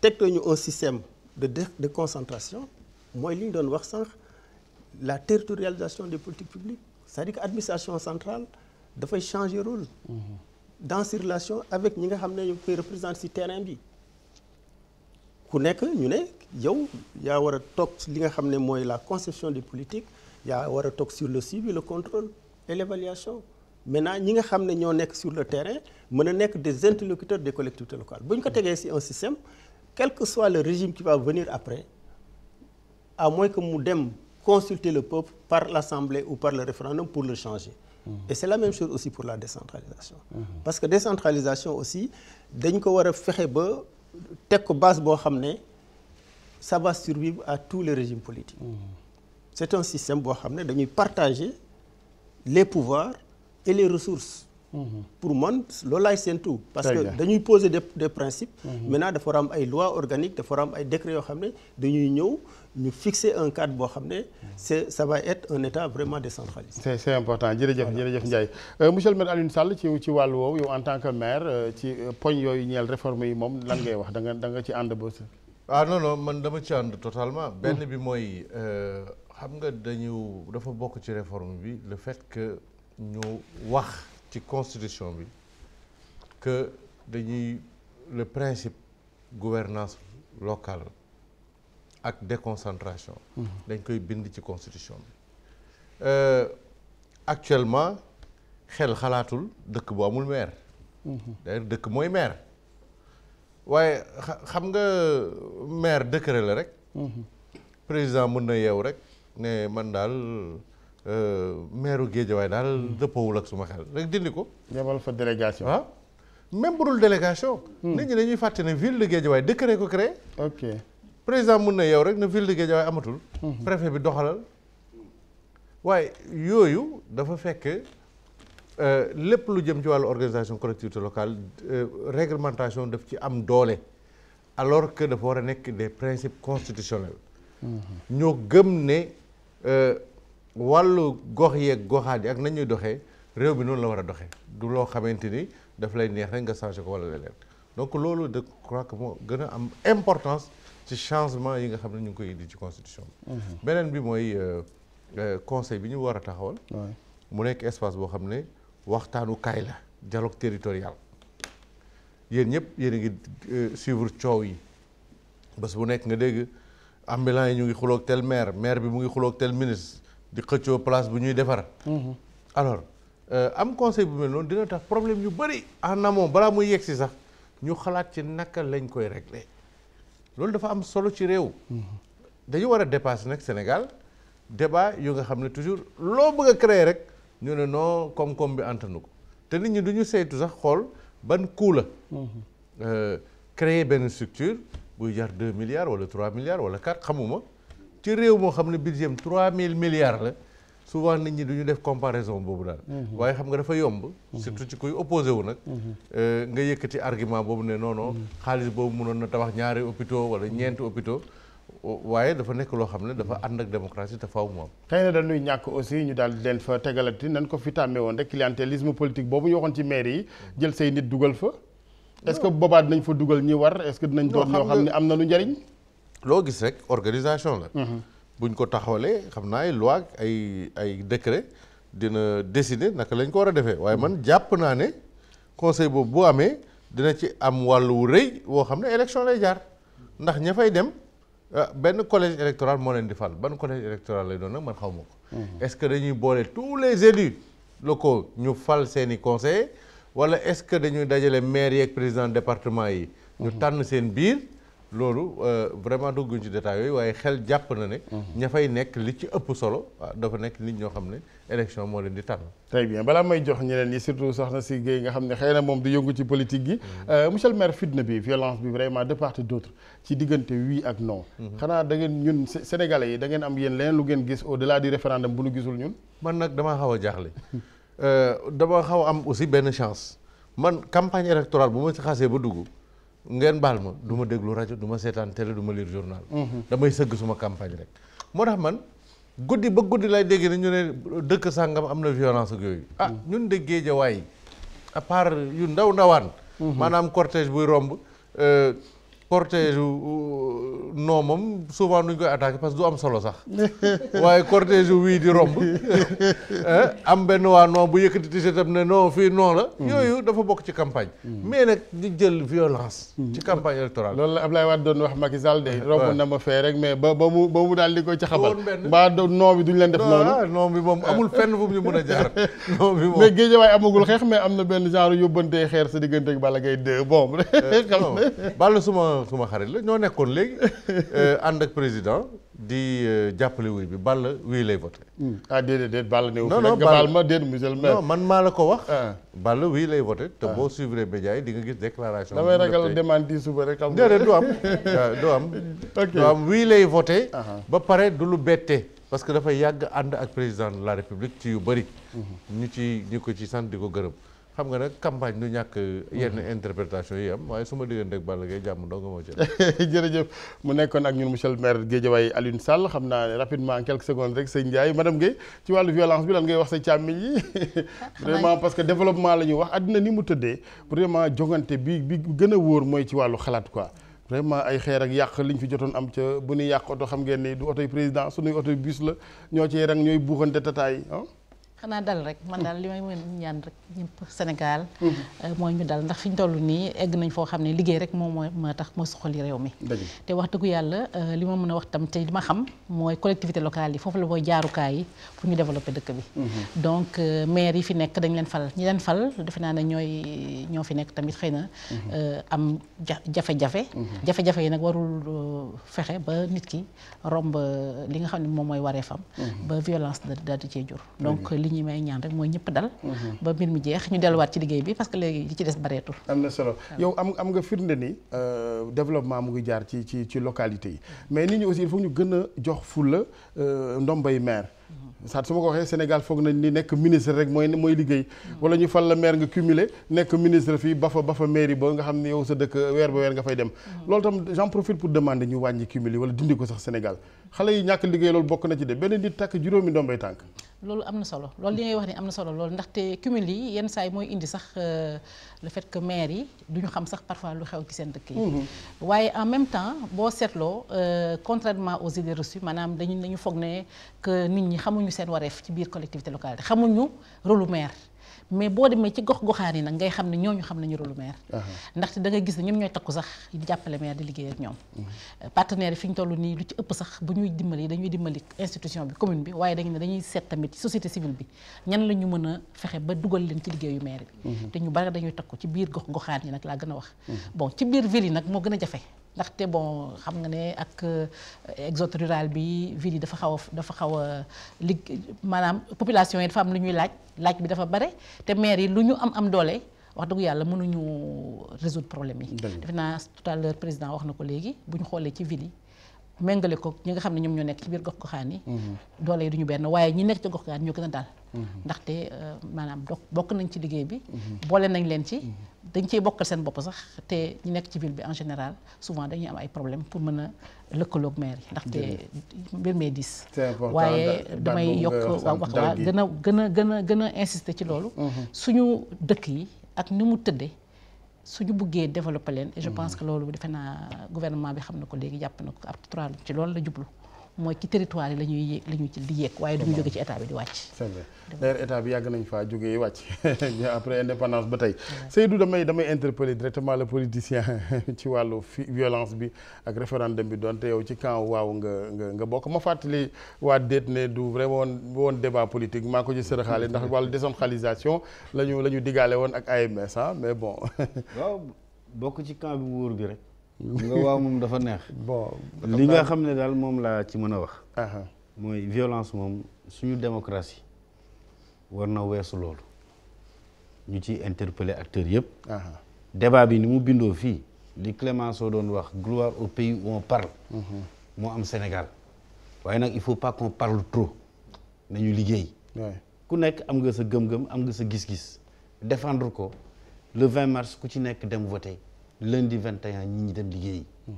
teg nañu un système de déconcentration mooy li ñu doon wax sànq la territorialisation des politiques publiques cest à que administration centrale dafay changer rôle. dans ses relations avec ñi nga xam ne ñoo koy représenter ci terrain bi. ku nekk ñu ne yow yaa war a toog li nga xam ne mooy la conception des politiques yaa war a toog sur le suivi le contrôle et l'évaluation maintenant ñi nga xam ne ñoo nekk sur le terrain mën a nekk des interlocuteurs des collectivités locales bu ñu ko tegee si un système quel que soit le régime qui va venir après à moins que mu dem consulter le peuple par l'Assemblée ou par le référendum pour le changer et c'est la même chose aussi pour la décentralisation. parce que décentralisation aussi dañ ko war a fexe ba teg ko base boo xam ne ça va survivre a tous les régimes politiques. c'est un système boo xam ne dañuy partager les pouvoirs et les ressources. pour man loolu laay séentu parce que dañuy poser de des principes. Mhm. dafa war a am ay lois organiques dafa war am ay décrets yoo xam ne dañuy ñëw. ñu fixer un cadre boo xam ne c'est ça va être un état vraiment décentralisé. c'est c'est important jërëjëf jërëjëf Ndiaye euh, monsieur le maire Alioune Sall ci ci wàllu woowu yow en tant que maire euh, ci euh, poñ yooyu ñeel réforme yi moom lan ngay wax da nga da nga ci ànd ba. ah non non man dama ci ànd totalement. Hmm. benn bi mooy xam nga dañu dafa bokk ci réforme bi le fait que ñu wax ci constitution bi que dañuy le principe gouvernance local ak déconcentration. Mm-hmm. dañ koy bind ci constitution bi. Euh, actuellement xel xalaatul dëkk boo amul maire. Mm-hmm. d'ailleurs dëkk mooy maire. waaye xam nga maire décret la rek. Mm-hmm. président mën na yeew rek ne man daal euh, maire Guédiawaye daal dëppowul ak suma xel rek dindi ko. yebal fa délégation ah. même bu dul délégation. Mm. nit ñi dañuy fàtte ne ville de Guédiawaye décret ko créé. président mun na yow rek na ville de Guédiawaye amatul. Mhm. préfet bi doxalal. waaye yooyu dafa fekk euh, lépp lu jëm ci wàllu organisation collectivité local euh, réglementation daf ci am doole alors que dafa war a nekk des principes constitutionnels. Mhm. ñoo gëm ne euh, wàllu gox yeeg goxaat yi ak nañuy doxee réew bi noonu la war a doxe du loo xamante ni daf lay neex rek nga changé ko wala leneen donc loolu de crois que moo gën a am importance. ci changement yi nga xam ne ñu ngi koy indi ci constitution bi. Mhm. beneen bi mooy euh, euh, conseil bi ñu war a taxawal. mu nekk espace boo xam ne waxtaanu kaay la dialogue teritorial yéen ñëpp yéen a ngi euh, suivre coow yi bés bu nekk nga dégg ambulants yi ñu ngi xuloo tel maire maire bi mu ngi xuloog tel ministre di xëccoo place bu ñuy defar. Mhm. alors am conseil bu mel noonu dina tax problème yu bari en amont balaa muy yegg si sax ñu xalaat ci naka lañ koy régler. loolu dafa am solo ci réew. dañu war a dépasser nag Sénégal débat yu nga xam ne toujours loo bëgg a créer rek ñu ne non koom-koom bi antanu ko te nit ñi du ñu saytu sax xool ban coût la. Mhm. Euh, créer benn structure buy jar deux milliards wala trois milliards wala quatre xamuma ci réew moo xam ne budget am trois mille milliards la. souvent nit ñi du ñu def comparaison boobu daal. Mhm. waaye xam nga dafa yomb. Mhm. surtout ci kuy opposé wu nag. Mhm. Euh, nga yëkkati argument boobu ne non xaalis boobu mënoon na tabax ñaari hôpitaux wala ñeenti opito waaye dafa nekk loo xam ne dafa ànd ak démocratie te faaw moom. xëy na dañuy ñàkk aussi ñu daal di leen fa tegalati nan ko fi tàmmee woon rek clientélisme politique boobu ñu waxoon ci maire yi jël say nit dugal fa. est-ce que boobaa dinañ fa dugal ñi war est-ce que dinañ doon ñoo ne am na lu njariñ loo gis rek organisation la. buñ ko taxawalee xam naa ay loi ay ay décret dina décider naka lañ ko war a defee waaye man jàpp naa ne conseil boobu bu amee dina ci am wàllu wu rëy woo xam ne élection lay jaar ndax ña fay dem ah, benn collège électoral moo leen di fal ban collège électoral lay doon nag man xaw ma ko. Mhm. est-ce que dañuy boole tous les élus ko ñu fal seeni conseil wala est-ce que dañuy dajale maire yeeg président département yi. ñu mhm. tànn seen biir. loolu euh, vraiment dugguñ ci détails yooyu waaye xel jàpp na ne. ña fay nekk li ci ëpp solo dafa nekk nit ñoo xam ne élection moo leen di tànn. très bien balaa may jox ñeneen yi surtout soxna si Guèye nga xam ne xëy na moom di yëngu ci politique gi. Mm-hmm. Euh, monsieur le maire fitna bi violence bi vraiment de part et d'autre ci diggante oui ak non. Mm-hmm. xanaa da ngeen ñun Sénégalais yi dangeen am yéen leneen lu ngeen gis au delà du référendum bu nu gisul ñun. man nag damaa xaw a jaaxle euh, dama xaw a am aussi benn chance man campagne électorale bu ma ci xasee ba dugg. ngeen baal ma du ma déglu rajo duma seetaan télé duma ma lire journal. damay sëgg suma campagne rek. moo tax man guddi ba guddi lay dégg ne ñu ne dëkk sàngam am na violence ak yooyu. a ah, ñun de Géejawaay à part yu ndaw ndawaan. Mhm. maanaam cortège buy romb. Euh, cortège non moom souvent nuñ koy attaqué parce que du am solo sax waaye cortège wii di romb eh, am benn waa noom bu yëkkati t-shirt ne non fii non la. Mm. yooyu dafa bokk ci campagne. Mm. mais nag ñu jël violence. Mm. ci campagne électorale. loolu la Ablaye Wade doon wax Macky Sall de. romb na ma fee rek mais ba ba mu ba mu daal di ko ci xabal. mbaa non bi duñ leen def noonu. Ah, non bi moom amul fenn fu mu ñu mën a jaar. non bi moom mais Guédiawaye amagul xeex mais am na benn genre yóbbante xeer sa diggante ak Balla Gaye 2 bon. Euh, Balla suma xarit la ñoo nekkoon léegi euh, ànd ak président di euh, jàppale wuy bi Balla wuy lay voté. Hmm. ah déedéet déet Balla néew. non non nga baal ma déet monsieur maire non man maa la ko wax. Ah. Balla wuy lay voté. te ah. boo suivre média yi di nga gis déclaration. damay ragal demande suba rek am. déedéet du am ah, du am. ok du am wuy lay voté. Uh-huh. ba pare du lu bette. parce que dafa yàgg ànd ak président la république ci yu bëri. Mm-hmm. ñu ci ñu ko ci sant di ko gërëm. xam nga nag campagne du ñàkk yenn mhm. interprétation yi am waaye su ma diggante ak Balla Gaye jàmm dong moo ci jërëjëf mu nekkoon ak ñun monsieur le maire Guédiawaye alin Sall xam naa rapidement en quelques rek sëñ Ndiaye madame Guèye ci wàllu violence bi lan ngay wax sa càmmiñ yi vraiment parce que développement la ñuy wax àddina ni mu tëddee vraiment jongante bi bi gën a wóor mooy ci wàllu xalaat quoi vraiment ay xeer ak yàq liñ fi jotoon am ca bu ñuy yàq oto xam ngeen ni du oto président oto bus la ñoo ci rang ñooy buuxante tataay ah xanaa dal rek man daal li may mën ñaan rek ñëpp Sénégal. Mm-hmm. Euh, mooy ñu dal ndax fi ñu toll nii egg nañ foo xam ne liggéey rek moom mooy ma tax mooy soxali réew mi. te wax dëggu yàlla euh, li ma mën a wax tam te li ma xam mooy collectivité locale yi foofu la mooy jaarukaay yi pour ñu développer dëkk bi. Mm-hmm. donc euh, maire yi fi nekk dañ leen fal ñi leen fal defe naa ne ñooy ñoo fi nekk tamit xëy na. Mm-hmm. am jafe-jafe. jafe-jafe yi nag warul fexe ba nit ki romb li nga xam ne moom mooy wareefam. ba violence da daal li ñuy may ñaan rek mooy ñëpp dal mhm. ba mbir mi jeex ñu delluwaat ci liggéey bi parce que léegi ci des bareetul am na solo yow am am nga firnde ni euh, développement mu ngi jaar ci ci ci localité yi mais nit ñu aussi il faut ñu gën a jox fulla euh, ndombay maire mhm. saat su ma ko waxee Sénégal foog na ni nekk ministre rek mooy mooy liggéey mhm. wala ñu fal la maire nga cumuler nekk ministre fii ba fa ba fa mairie ba nga xam ne yow sa dëkk weer ba weer nga fay dem loolu tam j'en profite pour demander ñu wàññi ko sax Sénégal xale yi ñàkk liggéey loolu bokk na ci de benn nit takk juróomi ndombay tànk loolu am na solo loolu li ngay wax ni am na solo loolu ndaxte cumul yi yenn saa yi mooy indi sax euh, le fait que maire yi duñu xam sax parfois lu xew ki seen dëkk yi. Mm-hmm. waaye en même temps boo seetloo euh, contrairement aussi idées reçues maanaam dañu nañu foog ne que nit ñi xamuñu seen wareef ci biir collectivité locale te xamuñu rôle lu maire. mais boo demee ci gox-goxaan yi nag ngay xam ne ñooñu xam nañu rôle maire ndaxte da nga gis ne ñoom ñooy takku sax di jàppale maire di liggéey ak ñoom mhm. euh, partenaire yi fi ñu toll nii lu ci ëpp sax bu ñuy dimbali dañuy dimbali institution bi commune bi waaye dañu ne dañuy seet tamit ci société civile bi ñan lañu mën a fexe ba dugal leen ci liggéeyu maire bi mhm. te ñu bari dañuy takku ci biir gox goxaan yi nag laa gën a wax mhm. bon ci biir ville yi nag moo gën a jafe ndaxte bon xam nga ne ak euh, exode rural bi ville dafa xaw a dafa xaw a lig maanaam population yi dafa am lu ñuy laaj laaj bi dafa bare te maire yi lu ñu am am doole wax dëgg yàlla mënuñu résoudre problème yi. defe naa tout à président wax na ko léegi bu ñu xoolee ci ville yi. ko ñi nga xam ne ñoom ñoo nekk ci biir gox goxaan yi mhm. doole yi duñu benn waaye ñi nekk ci gox goxaan ñoo gën a daal mhm. ndaxte euh, maanaam do bokk nañ ci liggéey bi mhm. boole nañ leen ci dañ cee bokkal seen bopp sax te ñu nekk ci ville bi en général souvent dañuy am ay problème pour mën a lëkkaloog maire ndax ndaxte mbir mee diis waaye damay yokk waa gën a gën a gën a gën a insister ci loolu mm-hmm. suñu dëkk yi ak ni mu tëddee suñu buggee développe leen je mm-hmm. pense que loolu defe naa gouvernement bi xam na ko léegi jàpp na ko ab trois ci loolu la jublu mooy ci territoire yi la ñuy yéeg la ñuy ci di yéeg waaye jóge ci état bi di wàcc d'ailleurs état bi yàgg nañ faa jógee wàcc après indépendance ba tey Seydou damay damay interpeller directement le politicien ci wàllu violence bi ak référendum bi doonte yow ci camp waaw nga nga nga bokk ma fàttali waa déet ne du vraiment woon débat politique maa ko ci sërëxaale ndax wàllu décentralisation la ñu la ñu digaale woon ak AMS ah mais bon waaw bokk ci camp bi wóor nga waaw moom dafa neex. bon li nga xam ne daal moom laa ci mën a wax. mooy violence moom suñu démocratie war na weesu loolu ñu ci interpeller acteurs yëpp. débat bi ni mu bindoo fii li soo doon wax gloire au pays où on parle. Mhm. moo am Sénégal waaye nag il faut pas qu'on parle trop nañu liggéey. ku nekk am nga sa gëm-gëm am nga sa gis-gis défendre ko le 20 mars ku ci nekk dem voter. lundi 21 ñi ñi dem liggéeyi. Mhm.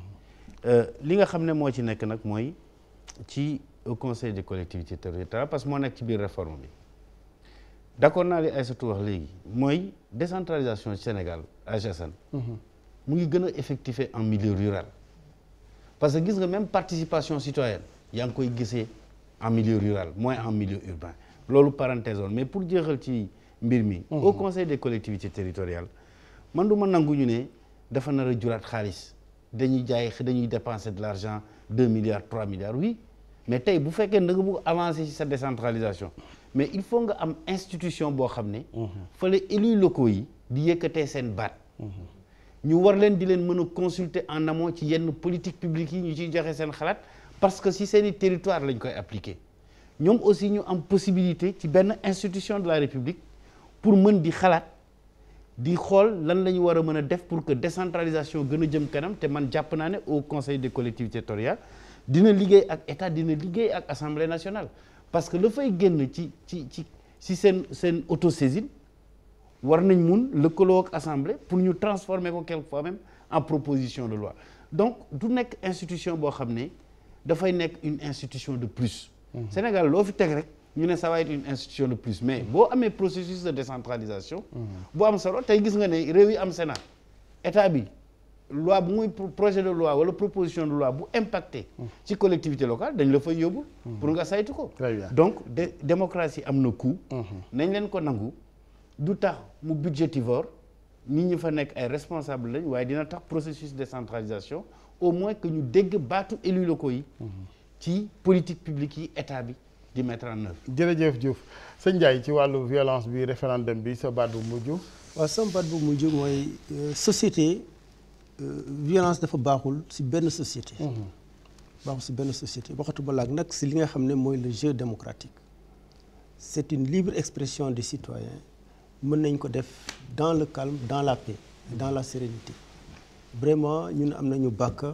Euh, li nga xam ne moo ci nekk nag mooy ci au conseil des collectivités territoriales parce que moo nekk ci biir réforme bi d' accord naa li Aïssatou wax léegi mooy décentralisation Sénégal HSN. Mhm. mu ngi gën a effectifer en milieu rural. parce que gis nga même participation citoyenne yaa ngi koy gisee en milieu rural mooy en milieu urbain loolu parenthèse mais pour jeexal ci mbir mi. au mhm. conseil des collectivités territoriales man du ma nangu ñu ne. dafa nar a juraat xaalis dañuy jaay dañuy dépenser de l'argent deux milliards trois milliards oui mais tey bu fekkee da nga bëgg avancer ci sa décentralisation mais il faut nga am institution boo xam ne mhm. fële élus locaux yi di tey seen baat mhm. ñu war leen di leen mën a consulter en amon ci yenn politique publique yi ñu ciy joxe seen xalaat parce que si seen i territoire lañ koy appliquer ñoom aussi ñu am possibilité ci benn institution de la République pour mën di xalaat di xool lan la ñu war a mën a def pour que décentralisation gën a jëm kanam te man jàpp naa ne au conseil des collectivités territoriales dina liggéey ak état dina liggéey ak assemblée nationale parce que la fay génn ci ci ci si seen seen autosaisine war nañ mun lëkkaloo ak assemblée pour ñu transformer ko quelquefois même en proposition de loi donc du nekk institution boo xam ne dafay nekk une institution de plus mmh. Sénégal loo fi teg rek ñu ne ça va être une institution de plus mais boo amee processus de décentralisation. bu am solo tey gis nga ne réew am sena état bi loi bu muy projet de loi wala proposition de loi bu impacté. ci collectivité locale dañ la fa yóbbu. pour nga saytu ko. donc de démocratie am na coût. Mhm. nañ leen ko nangu du tax mu budgétivore nit ñi fa nekk ay responsable lañ waaye dina tax processus de décentralisation au moins que ñu dégg baatu élus ko yi. Mhm. ci politique publique yi état bi. di mettre en jërëjëf Diouf sëñ Ndiaye ci wàllu violence bi référendum bi sa baat bu mujj. waaw sama baat bu mujj mooy euh, société euh, violence dafa baaxul si benn société. Mhm. baaxul si benn société waxatu ba laag nag si li nga xam ne mooy le jeu démocratique c'est une libre expression des citoyens mën nañ ko def dans le calme dans la paix dans la sérénité vraiment ñun am na ñu bàkk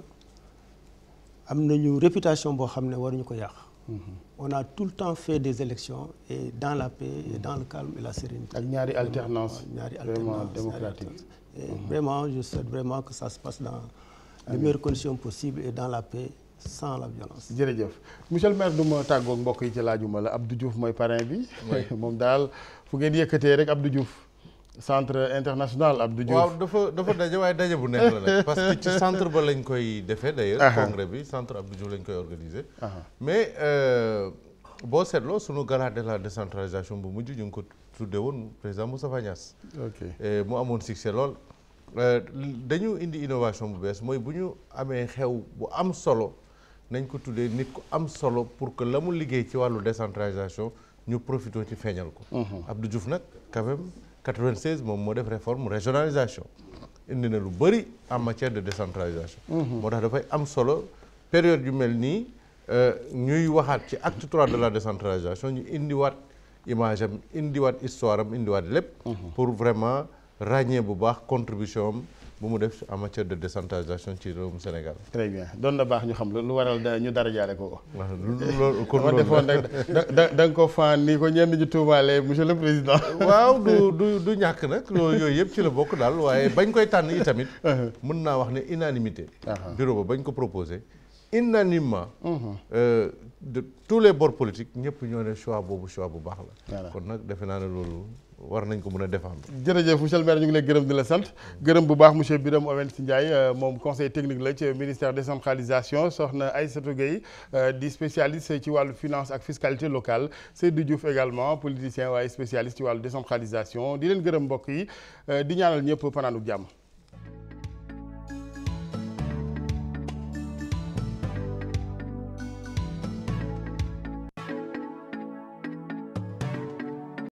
am nañu réputation boo xam ne war waruñu ko yàq. Mhm. on a tout le temps fait des élections et dans la paix et dans le calme et la sérénité. ak ñaari alternance ñaari alternance vraiment démocratique. et mhm. vraiment je souhaite vraiment que ça se passe dans les meilleures conditions possibles et dans la paix sans la violence. jërëjëf monsieur le maire du ma mbokk yi ci laajuma la Abdou Diouf mooy parrain bi. moom daal fu ngeen yëkkatee rek Abdou Diouf. centre international Abdou waaw dafa dafa daje waaye daje bu neex la nag parce que ci centre ba lañ koy defee d'ailleurs congrès bi centre Abdou Diouf lañ koy organiser mais euh, boo seetloo sunu gala de la décentralisation bu mujj ñu ngi ko tudde woon président mu Niasse ok mu amoon succès lool euh, dañu indi innovation bu bees mooy bu ñu amee xew bu am solo nañ ko tuddee nit ku am solo pour que la mu liggéey ci wàllu décentralisation ñu profité ci feeñal ko 96 moom moo def réforme régionalisation indi na lu bëri am matière de décentralisation. Mhm. moo tax dafay am solo période yu mel nii euh, ñuy waxaat ci acte trois de la décentralisation ñu indiwaat image am indiwaat histoire am indiwaat lépp. Mhm. pour vraiment ràññee bu baax contribution bu mu def en matière de décentralisation ci réewum Sénégal. très bien doon na baax ñu xam lu waral ñu dara jaare ko. waaw loolu kon loolu defoon da da ko faan ni ko ñenn ñu tuumaale monsieur le président. waaw du du ñàkk nag yooyu yëpp ci la bokk daal waaye bañ koy tànn i tamit. Uh-huh. mën naa wax ne unanimité. Uh-huh. bureau ba bañ ko proposé. unanimement uh-huh. euh, de tous les bords politiques ñëpp ñoo ne choix boobu choix bu baax la. kon nag defe naa ne loolu. war nañ ko mën a défendre. jërëjëf monsieur le maire ñu ngi lay gërëm di la sant gërëm bu baax monsieur Birame Owens Ndiaye euh, moom conseil technique la ci ministère décentralisation soxna Aïssatou Gueye euh, di spécialiste ci wàllu finance ak fiscalité locale Seydou Diouf également politicien waaye spécialiste ci wàllu décentralisation di leen gërëm mbokk yi euh, di ñaanal ñëpp fanaanu jàmm.